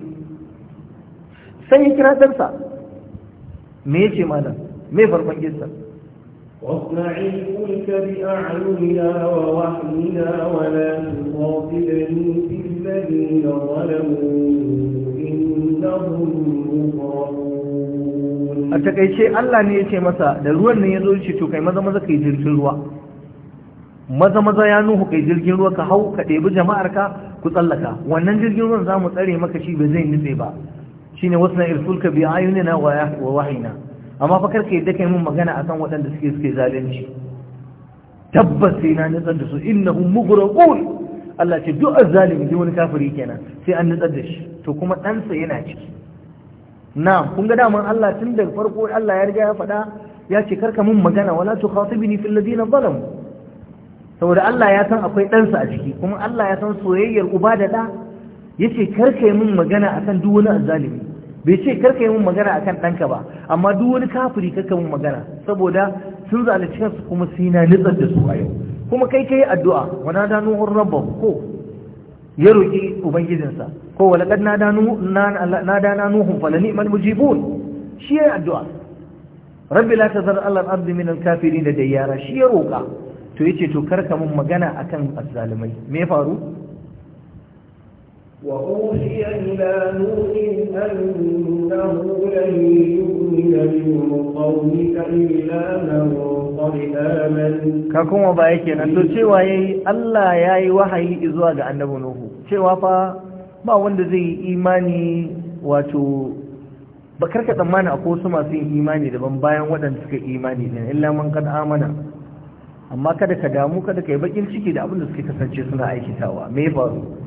sai ya kira ɗansa me ya ce malam me farkon ginsa واصنع الفلك بأعيننا ووحينا ولا تخاطبني في الذين ظلموا إنهم a takaice Allah ne ya ce masa da ruwan nan ya zo shi to kai maza maza kai jirgin ruwa maza maza ya nuhu kai jirgin ruwa ka hau ka ɗebi jama'ar ka ku tsallaka wannan jirgin ruwan za mu tsare maka shi ba zai nutse ba shine wasu wasna irfulka bi ayunina wa wahina amma fa karka yadda kai mun magana akan waɗanda suke suke zalunci tabbas sai na nutsar da su innahum mughraqun Allah ce duk azzalimi ji wani kafiri kenan sai an nutsar da shi to kuma ɗansa yana ciki na kun ga daman Allah tun daga farko Allah ya riga ya faɗa ya ce karka mun magana wala tu fil ladina zalamu saboda Allah ya san akwai ɗansa a ciki kuma Allah ya san soyayyar uba da ɗa yace karka mun magana akan duk wani azzalimi bai ce karka yi mun magana akan ɗanka ba amma duk wani kafiri karka mun magana saboda sun zalunci kansu kuma sai na nitsar da su a yau kuma kai yi addu'a wana da nuhun rabbahu ko ya roƙi ubangijinsa ko walaqad nada nu nuhun falani man mujibun shi ya addu'a rabbi la tazar alal ardi min al kafirin da yara shi ya roƙa. to ce to karka mun magana akan azzalumai me ya faru وأوحي إلى أنه لن يؤمن من قومك إلا من ka kuma ba yake nan to cewa yi Allah yi wahayi zuwa ga Annabu Nuhu cewa fa ba wanda zai yi imani wato ba karka tsammani a wasu masu yin imani daban bayan waɗanda suka imani din illa man kan amana amma kada ka damu kada ka yi bakin ciki da abin da suke kasance suna aikitawa me faru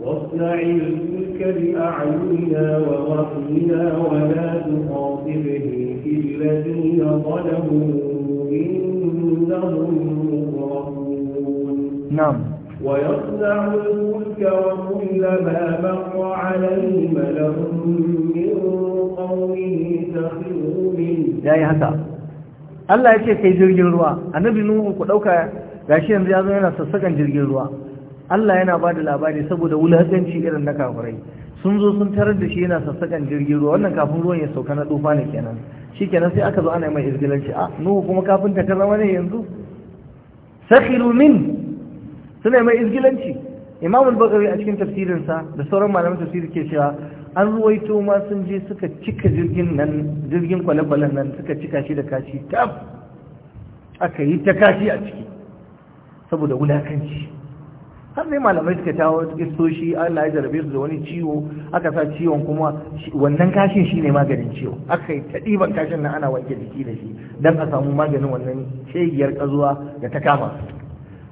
واصنع الفلك بأعيننا ووحينا ولا تخاطبني في الذين ظلموا إنهم مغرقون نعم ويصنع الفلك وكلما مر عليه ملأ من قومه سخروا منه يا يا Allah ya ce kai jirgin ruwa annabi nuhu ku dauka gashi yanzu ya zo yana sassakan jirgin ruwa Allah yana ba da labari saboda wulaƙanci irin na kafirai sun zo sun tarar da shi yana sassakan jirgin ruwa wannan kafin ruwan ya sauka na tsufa ne kenan shi kenan sai aka zo ana mai izgilanci a ah, nuhu kuma kafin ta zama ne yanzu sakhiru min suna mai izgilanci imam al a cikin tafsirinsa da sauran malaman tafsiri ke cewa an ruwaito ma sun je suka cika jirgin nan jirgin kwalabalan nan suka cika shi da kashi tab aka yi ta kashi a ciki saboda wulakanci har ne malamai suka kawo kistoshi Allah ya jarabe su da wani ciwo aka sa ciwon kuma wannan kashin shi ne maganin ciwo aka yi ta ɗiban kashin na ana wanke jiki da shi don a samu maganin wannan shegiyar ƙazuwa da ta kama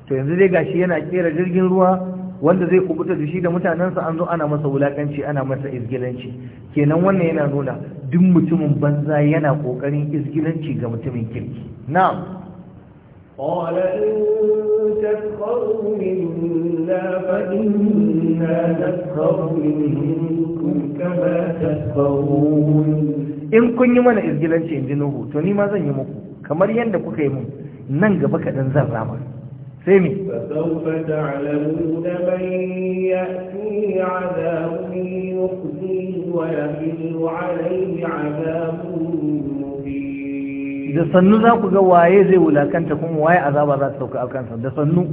to yanzu dai gashi yana kera jirgin ruwa wanda zai kubuta da shi da mutanensa an zo ana masa wulakanci ana masa izgilanci kenan wannan yana nuna duk mutumin banza yana kokarin izgilanci ga mutumin kirki na'am قال إن تذكروا منا فإنا نسخر منكم كما تذكرون in kun yi mana izgilanci in ji nuhu to ni ma zan yi muku kamar yadda kuka yi mun nan gaba kaɗan zan rama sai mi da sannu za ku ga waye zai wulakanta kuma waye azaba za ta sauka a kansa da sannu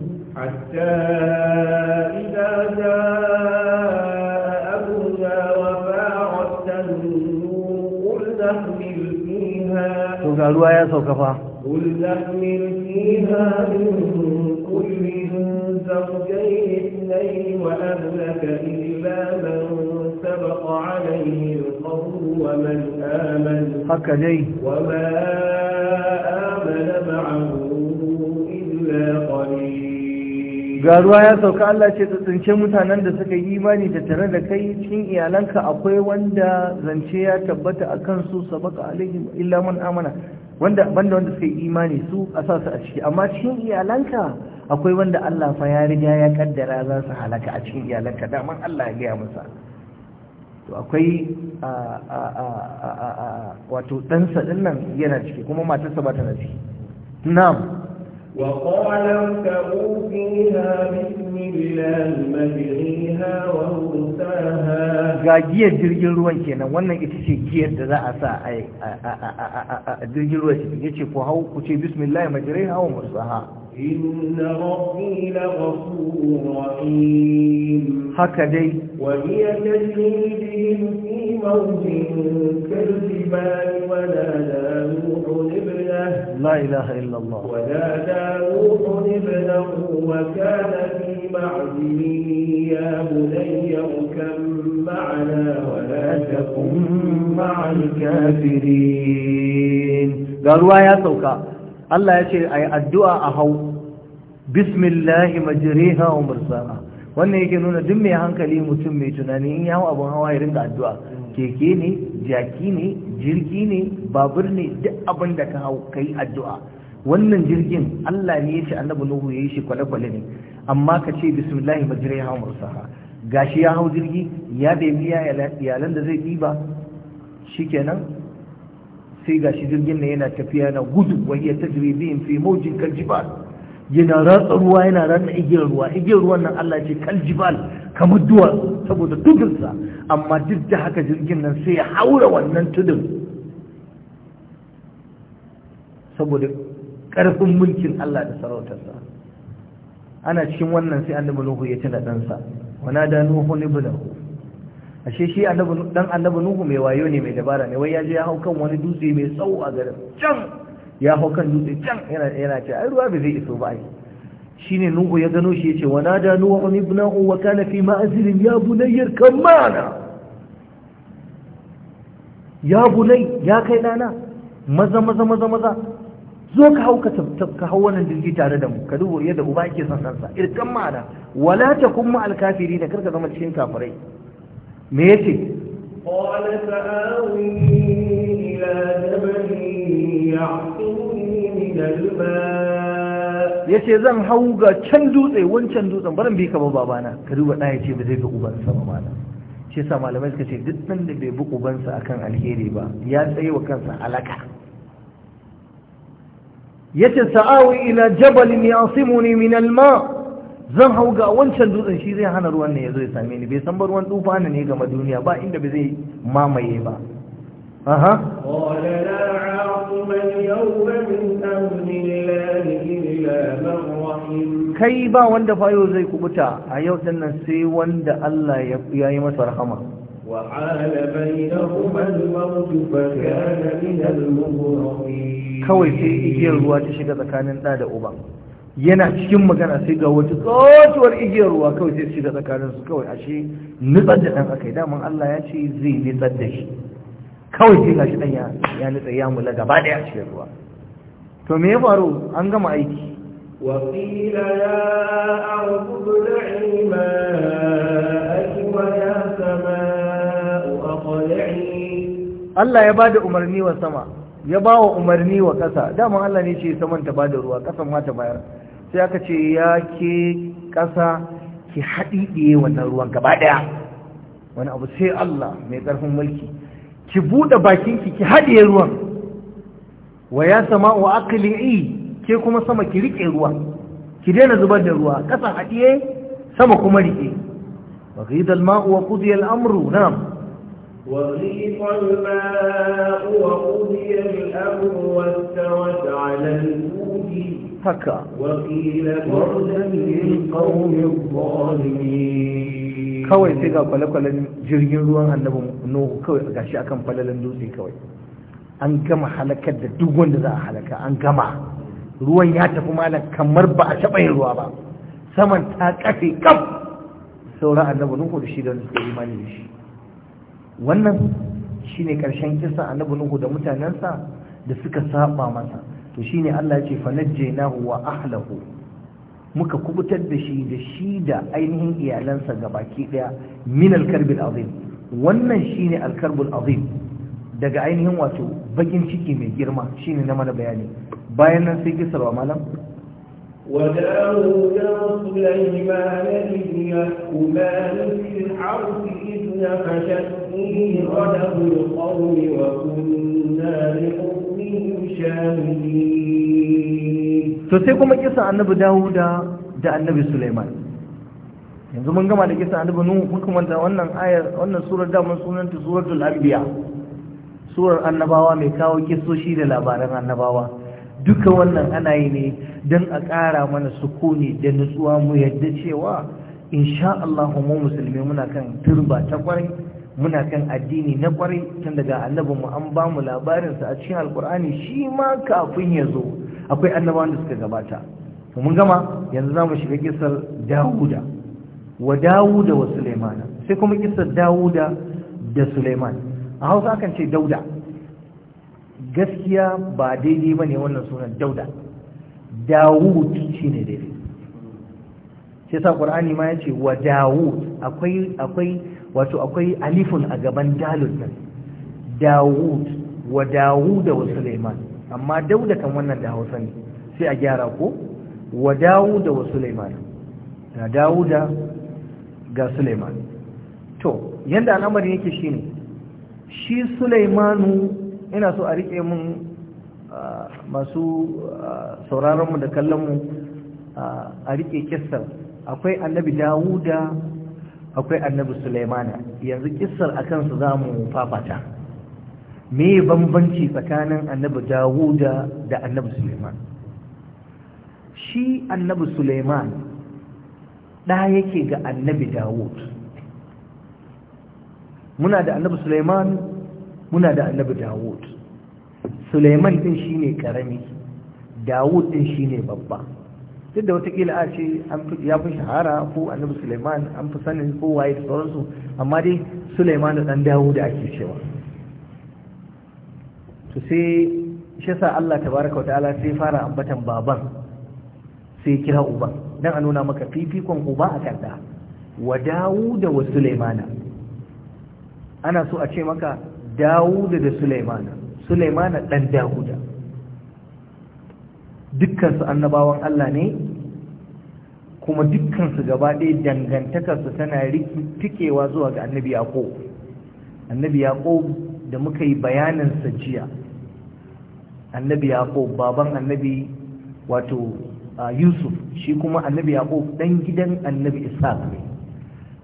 to ga ruwa ya sauka fa قل تحمل فيها من كل زوجين اثنين وأهلك إلا من سبق عليه القول ومن آمن وما آمن معه إلا قليل ga ruwa ya sauka Allah ce ta tsince mutanen da suka yi imani da tare da kai cikin iyalanka akwai wanda zance ya tabbata a su sabaka alaihim illa man amana wanda banda wanda suka yi imani su a sa su a ciki amma cikin iyalanka akwai wanda Allah fa ya riga ya kaddara za su halaka a cikin iyalanka daman Allah ya gaya masa to akwai wato ɗansa ɗinnan dinnan yana ciki kuma matarsa ba ta na ciki na'am وقال ga giyar jirgin ruwan kenan wannan ita ce giyar da za a sa a jirgin ruwan ya ce ku hau ku ce bismillah majriha wa mursaha إن ربي لغفور رحيم هكذا وهي تجري بهم في موج كالجبال ونادى نوح ابنه لا إله إلا الله ونادى نوح ابنه وكان في معزل يا بني اركب معنا ولا تكن مع الكافرين قالوا يا سوكا Allah ya ce a yi addu'a a hau bismillahi majriha wa mursaha wannan yake nuna duk mai hankali mutum mai tunani in yawo abin hawa ya ringa addu'a keke ne jaki ne jirgi ne babur ne duk abin da ka hau ka yi addu'a wannan jirgin Allah ne ya ce annabi Nuhu ya yi shi kwale-kwale ne amma ka ce bismillahi majriha wa Ga gashi ya hau jirgi ya iyalan da zai ɗiba shikenan sai ga shi jirgin nan yana tafiya na gudu wa iya tajri bihim fi mojin kaljibal yana ratsa ruwa yana ratsa igiyar ruwa igiyar ruwan nan Allah ce kaljibal kamar duwa saboda tudunsa amma duk da haka jirgin nan sai ya haura wannan tudun saboda ƙarfin mulkin Allah da sarautarsa ana cikin wannan sai annabi Nuhu ya tana ɗansa wana da Nuhu ibnahu ashe shi dan annabi nuhu mai wayo ne mai dabara ne wai ya je ya hau kan wani dutse mai tsawo a garin can ya hau kan dutse can yana yana ce ai ruwa bai zai iso ba ai shine nuhu ya gano shi yace wana da nuhu ibnahu wa kana fi ma'azilin ya bunayyar kamana ya bunai ya kai nana maza maza maza maza zo ka hau ka hau wannan jirgi tare da mu ka dubo yadda uba yake son sansa irkan ma'ana wala takum ma al-kafirin karka zama cikin kafirai me ya ce? Ya ce zan hau ga can dutse wancan dutsen baran bi ka ba babana ka duba da ce ba zai ga ubansa ba mana shi sa malamai suka ce duk ɗan da bai bi ubansa akan alheri ba ya tsaye wa kansa alaka yace sa'awi ila jabalin ya'simuni min al-ma' zan hau ga wancan dutsen shi zai hana ruwan ne ya zo ya same ni bai san ba ruwan na ne game duniya ba inda bai zai mamaye ba aha kai ba wanda fayo zai kubuta a yau nan sai wanda Allah ya yi masa rahama kawai sai igiyar ruwa ta shiga tsakanin ɗa da uba yana cikin magana sai ga wata tsohuwar igiyar ruwa kawai sai shiga tsakanin su kawai ashe nutsar da ɗan aka yi daman Allah ya ce zai nutsar da shi kawai sai ga shi ɗan ya nutsa ya mula gaba ɗaya a cikin ruwa to me ya faru an gama aiki وقيل ya أرض ابلعي wa ويا سماء أقلعي الله يبادئ أمرني وسماء ya ba wa umarni wa ƙasa daman Allah ne ce saman ta bada ruwa ƙasan ma ta bayar sai aka ce ya ke ƙasa ki haɗiɗiye wannan ruwan gaba ɗaya wani abu sai Allah mai ƙarfin mulki ki buɗe bakinki ki haɗiye ruwan wa ya sama wa akili'i ke kuma sama ki riƙe ruwa ki daina zubar da ruwa ƙasa haɗiye sama kuma riƙe wa yi ma'u wa qudiya al-amru na'am وغيق الماء وقضي الأمر واستوت على الوجه هكا وقيل بردا للقوم الظالمين kawai sai ga kwale-kwalen jirgin ruwan annabi nuhu kawai gashi akan falalan dutse kawai an gama halakar da duk wanda za a halaka an gama ruwan ya tafi malam kamar ba a taɓa yin ruwa ba saman ta kafe kam sauran annabi nuhu da shi da wani suka imani da shi wannan shine ƙarshen kisa annabi nuhu da mutanensa da suka saba masa to shine Allah ya ce fanajjaynahu wa ahlahu muka kubutar da shi da shi da ainihin iyalansa ga baki ɗaya min alkarbin azim wannan ne alkarbul azim daga ainihin wato bakin ciki mai girma shine na mana bayani bayan nan sai kisar wa malam وداود وسليمان إذ يحكمان في الحرث إذ نفشت يأتيه غدب القوم وكنا لحكمهم شاهدين to sai kuma kisa annabi Dawuda da annabi Suleiman. yanzu mun gama da kisa annabi Nuhu mun kuma da wannan ayar wannan surar da mun sunanta suratul anbiya surar annabawa mai kawo kisoshi da labaran annabawa duka wannan ana yi ne don a ƙara mana sukuni da nutsuwa mu yadda cewa insha Allah mu musulmi muna kan turba ta kwarai muna kan addini na kwarai tun daga mu an ba mu labarinsa a cikin alkur'ani shi ma kafin ya zo akwai annabawan da suka gabata mun gama yanzu za mu shiga kisar dawuda wa dawuda wa Suleiman, sai kuma kisar dawuda da suleiman a hausa akan ce dauda gaskiya ba daidai ba ne wannan sunan dauda dawud shi ne daidai sai sa ƙwar'ani ma ya ce wa dawud akwai wato akwai alifun a gaban dalil nan dawud wa dawuda wa suleiman amma dauda kan wannan da hausa ne sai a gyara ko wa dawuda wa suleiman na dawuda ga suleiman to yadda al'amarin yake shine shi suleimanu ina so a rike mun masu sauraronmu da kallon mu a rike kissar akwai annabi dawuda akwai annabi sulaimana yanzu kissar a kansu za mu fafata me bambanci tsakanin annabi dawuda da annabi suleiman shi annabi suleiman ɗa yake ga annabi dawud muna da annabi suleiman muna da annabi dawud suleiman ɗin shine ƙarami, dawud ɗin shine babba duk da watakila a ce ya fi shahara ko annabi suleiman an fi sanin kowaye da sauransu amma dai suleiman da dan dawo da ake cewa to sai shi sa Allah ta baraka wa ta'ala sai fara ambatan baban sai kira uba dan a nuna maka fifikon uba a kanda wa dawuda wa Suleimana ana so a ce maka dawuda da Suleimana Suleimana dan dawuda dukkansu annabawan Allah ne kuma dukkansu gaba ɗaya dangantakarsu tana tikewa zuwa ga annabi yaƙo annabi yaƙo da muka yi bayanin jiya annabi yaƙo baban annabi wato yusuf shi kuma annabi yaƙo ɗan gidan annabi ishaq ne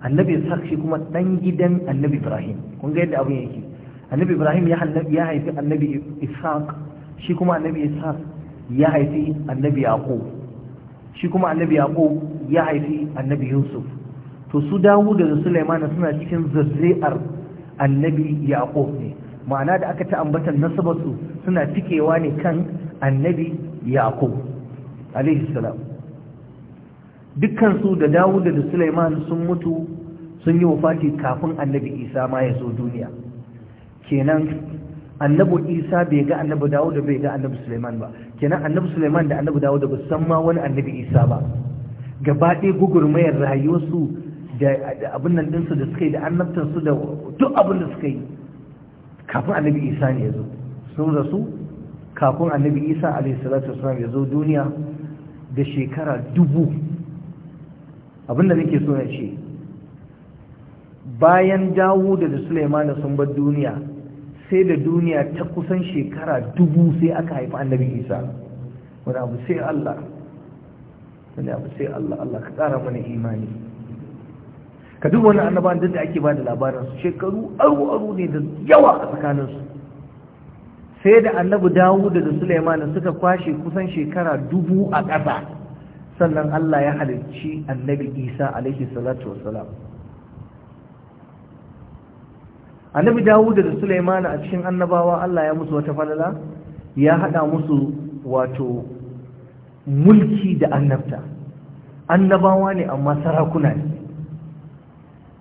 annabi ishaq shi kuma ɗan gidan annabi ibrahim kun ga yadda abin yake annabi ibrahim ya haifi annabi ishaq shi kuma annabi ishaq ya haifi annabi yaqub shi kuma annabi yaqub ya haifi annabi yusuf to su dawuda da sulaimana suna cikin zazzai'ar annabi yaqub ne ma'ana da aka ta ambatan nasabarsu suna tikewa ne kan annabi yaqub salam dukkan su da dawuda da sulaiman sun mutu sun yi wafati kafin annabi isa ma ya zo duniya kenan annabi isa bai ga annabi da bai ga annabi suleiman ba kenan annabi suleiman da annabi da ba san ma wani annabi isa ba gaba ɗaya gugurmayar rayuwarsu da abin nan ɗinsu da suka yi da annabtarsu da duk abin da suka yi kafin annabi isa ne ya zo sun rasu kafin annabi isa Salatu wasalam ya zo duniya da shekara dubu Abin da nake so na ce bayan dawo da suleimana sun bar duniya sai da duniya ta kusan shekara dubu sai aka haifi annabi isa wani abu sai Allah wani abu sai Allah Allah ka tsara mana imani ka duk wani annaban da ake ba da labaransu shekaru aru-aru ne da yawa a tsakaninsu sai da annabi dawud da suleimani suka kwashe kusan shekara dubu a ƙasa sannan Allah ya halicci annabi isa alaihi salatu wasalam annabi dawuda da sulaimana a cikin annabawa Allah ya musu wata falala ya hada musu wato mulki da annabta annabawa ne amma sarakuna ne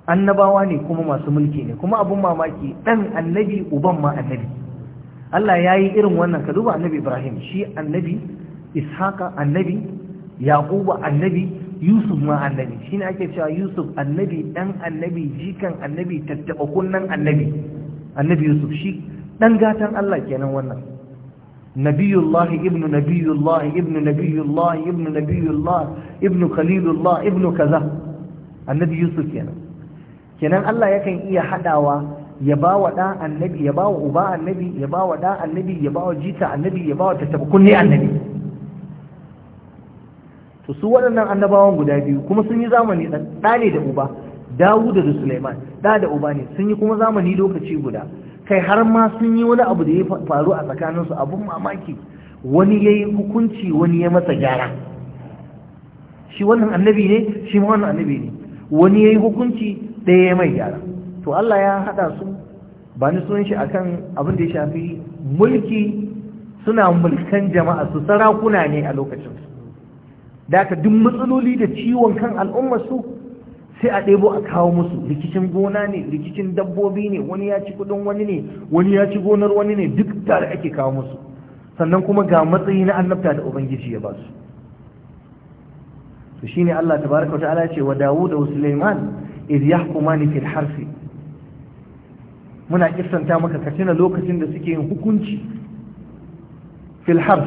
annabawa ne kuma masu mulki ne kuma abun mamaki dan annabi uban ma annabi Allah ya yi irin wannan ka duba annabi Ibrahim shi annabi Ishaka annabi Yaquba annabi yusuf ma annabi shi ne ake cewa yusuf annabi ɗan annabi jikan annabi tattaba kunnan annabi annabi yusuf shi ɗan gatan Allah kenan wannan nabiyullah ibn nabiyullah ibn nabiyullah ibn nabiyullah ibn khalilullah ibn kaza annabi yusuf kenan kenan Allah yakan iya hadawa ya ba wa ɗa annabi ya ba wa uba annabi ya ba wa ɗa annabi ya ba wa jita annabi ya ba wa tattabakunni annabi to su waɗannan annabawan guda biyu kuma sun yi zamani ɗa ne da uba dawu da Suleiman ɗa da uba ne sun yi kuma zamani lokaci guda kai har ma sun yi wani abu da ya faru a tsakaninsu abun mamaki wani ya yi hukunci wani ya masa gyara shi wannan annabi ne shi ma wannan annabi ne wani ya yi hukunci ɗaya ya mai gyara to Allah ya haɗa su ba ni sunan shi akan abin da ya shafi mulki suna mulkan jama'a su sarakuna ne a lokacin da ka duk matsaloli da ciwon kan al'ummar su sai a ɗebo a kawo musu rikicin gona ne rikicin dabbobi ne wani ya ci kudin wani ne wani ya ci gonar wani ne duk tare ake kawo musu sannan kuma ga matsayi na annabta da ubangiji ya ba su to shine Allah tabaraka wa ta'ala ya ce wa Dawud da Sulaiman id yahkumani fil harfi muna kissanta maka katina lokacin da suke yin hukunci fil harf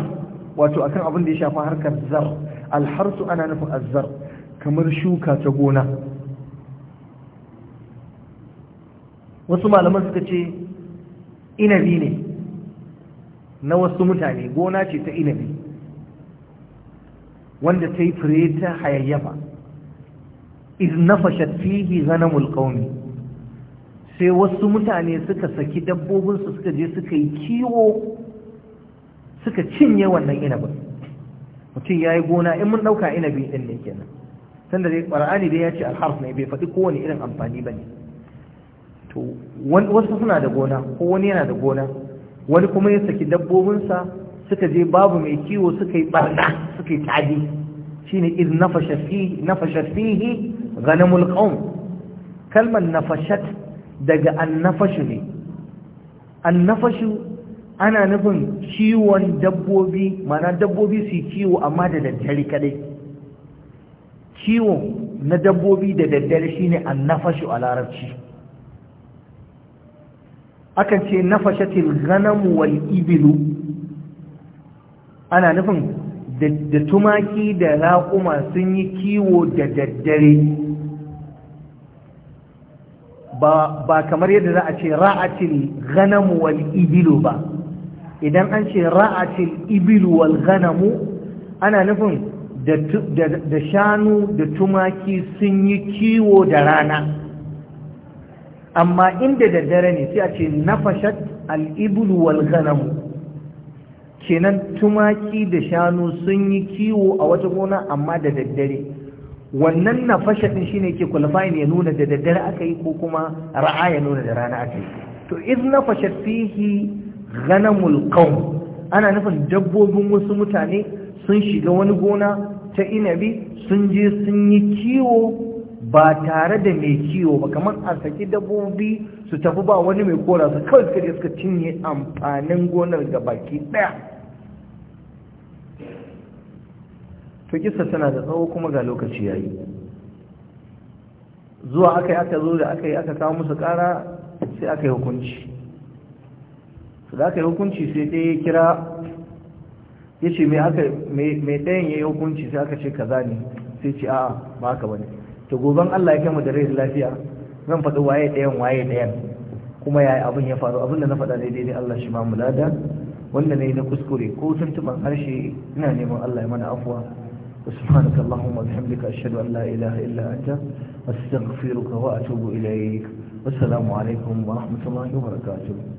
wato akan abin da ya shafa harkar zarr alharsu ana nufin azzar kamar shuka ta gona wasu malaman suka ce inabi ne na wasu mutane gona ce ta inabi wanda ta yi fure ta hayayyafa iz nafashat fihi ghanamul qaumi sai wasu mutane suka saki dabbobinsu suka je suka yi kiwo suka cinye wannan inabin mutum ya yi gona in mun ɗauka inabi ɗin ne kenan san da ƙwararri dai ya ce alharf ne bai faɗi kowane irin amfani ba ne to wasu suna da gona ko wani yana da gona wani kuma ya saki dabbobinsa suka je babu mai kiwo suka yi barna suka yi tadi shine iz nafashat fihi ghanamul qawm kalmar nafashat daga annafashu ne annafashu ana nufin kiwon dabbobi mana dabbobi su kiwo amma da daddare kadai kiwo na dabbobi da daddare shine annafashu a larabci akan ce nafashatil ganamu wal ibilu ana nufin da tumaki da raƙuma sun yi kiwo da daddare ba kamar yadda za a ce ra'atil ghanam wal ibilu ba idan an ce ra'atil ibil wal ghanamu ana nufin da shanu da tumaki sun yi kiwo da rana amma inda daddare ne sai a ce nafashat al wal ghanamu kenan tumaki da shanu sun yi kiwo a wata gona amma da daddare wannan nafashat din shine ke qualifying ya nuna da daddare aka yi ko kuma ra'a ya nuna da rana aka yi to iz nafashat fihi ghanamul qaum ana nufin dabbobin wasu mutane sun shiga wani gona ta inabi sun je sun yi kiwo ba tare da mai kiwo ba kamar a saki dabbobi su tafi ba wani mai kora su kawai suka je suka cinye amfanin gonar ga baki daya to kisa tana da tsawo kuma ga lokaci yayi zuwa aka yi aka zo da aka yi aka kawo musu kara sai aka yi hukunci su da aka yi hukunci sai ɗaya ya kira ya ce mai ɗayan ya yi hukunci sai aka ce kaza ne sai ce a'a ba ka bane ta goban Allah ya kama da rai lafiya zan faɗi waye ɗayan waye ɗayan kuma yaya abin ya faru abin da na faɗa daidai ne Allah shi ma lada wanda ne na kuskure ko tuntuban harshe ina neman Allah ya mana afuwa سبحانك اللهم وبحمدك أشهد أن لا إله إلا أنت أستغفرك وأتوب إليك والسلام عليكم ورحمة الله وبركاته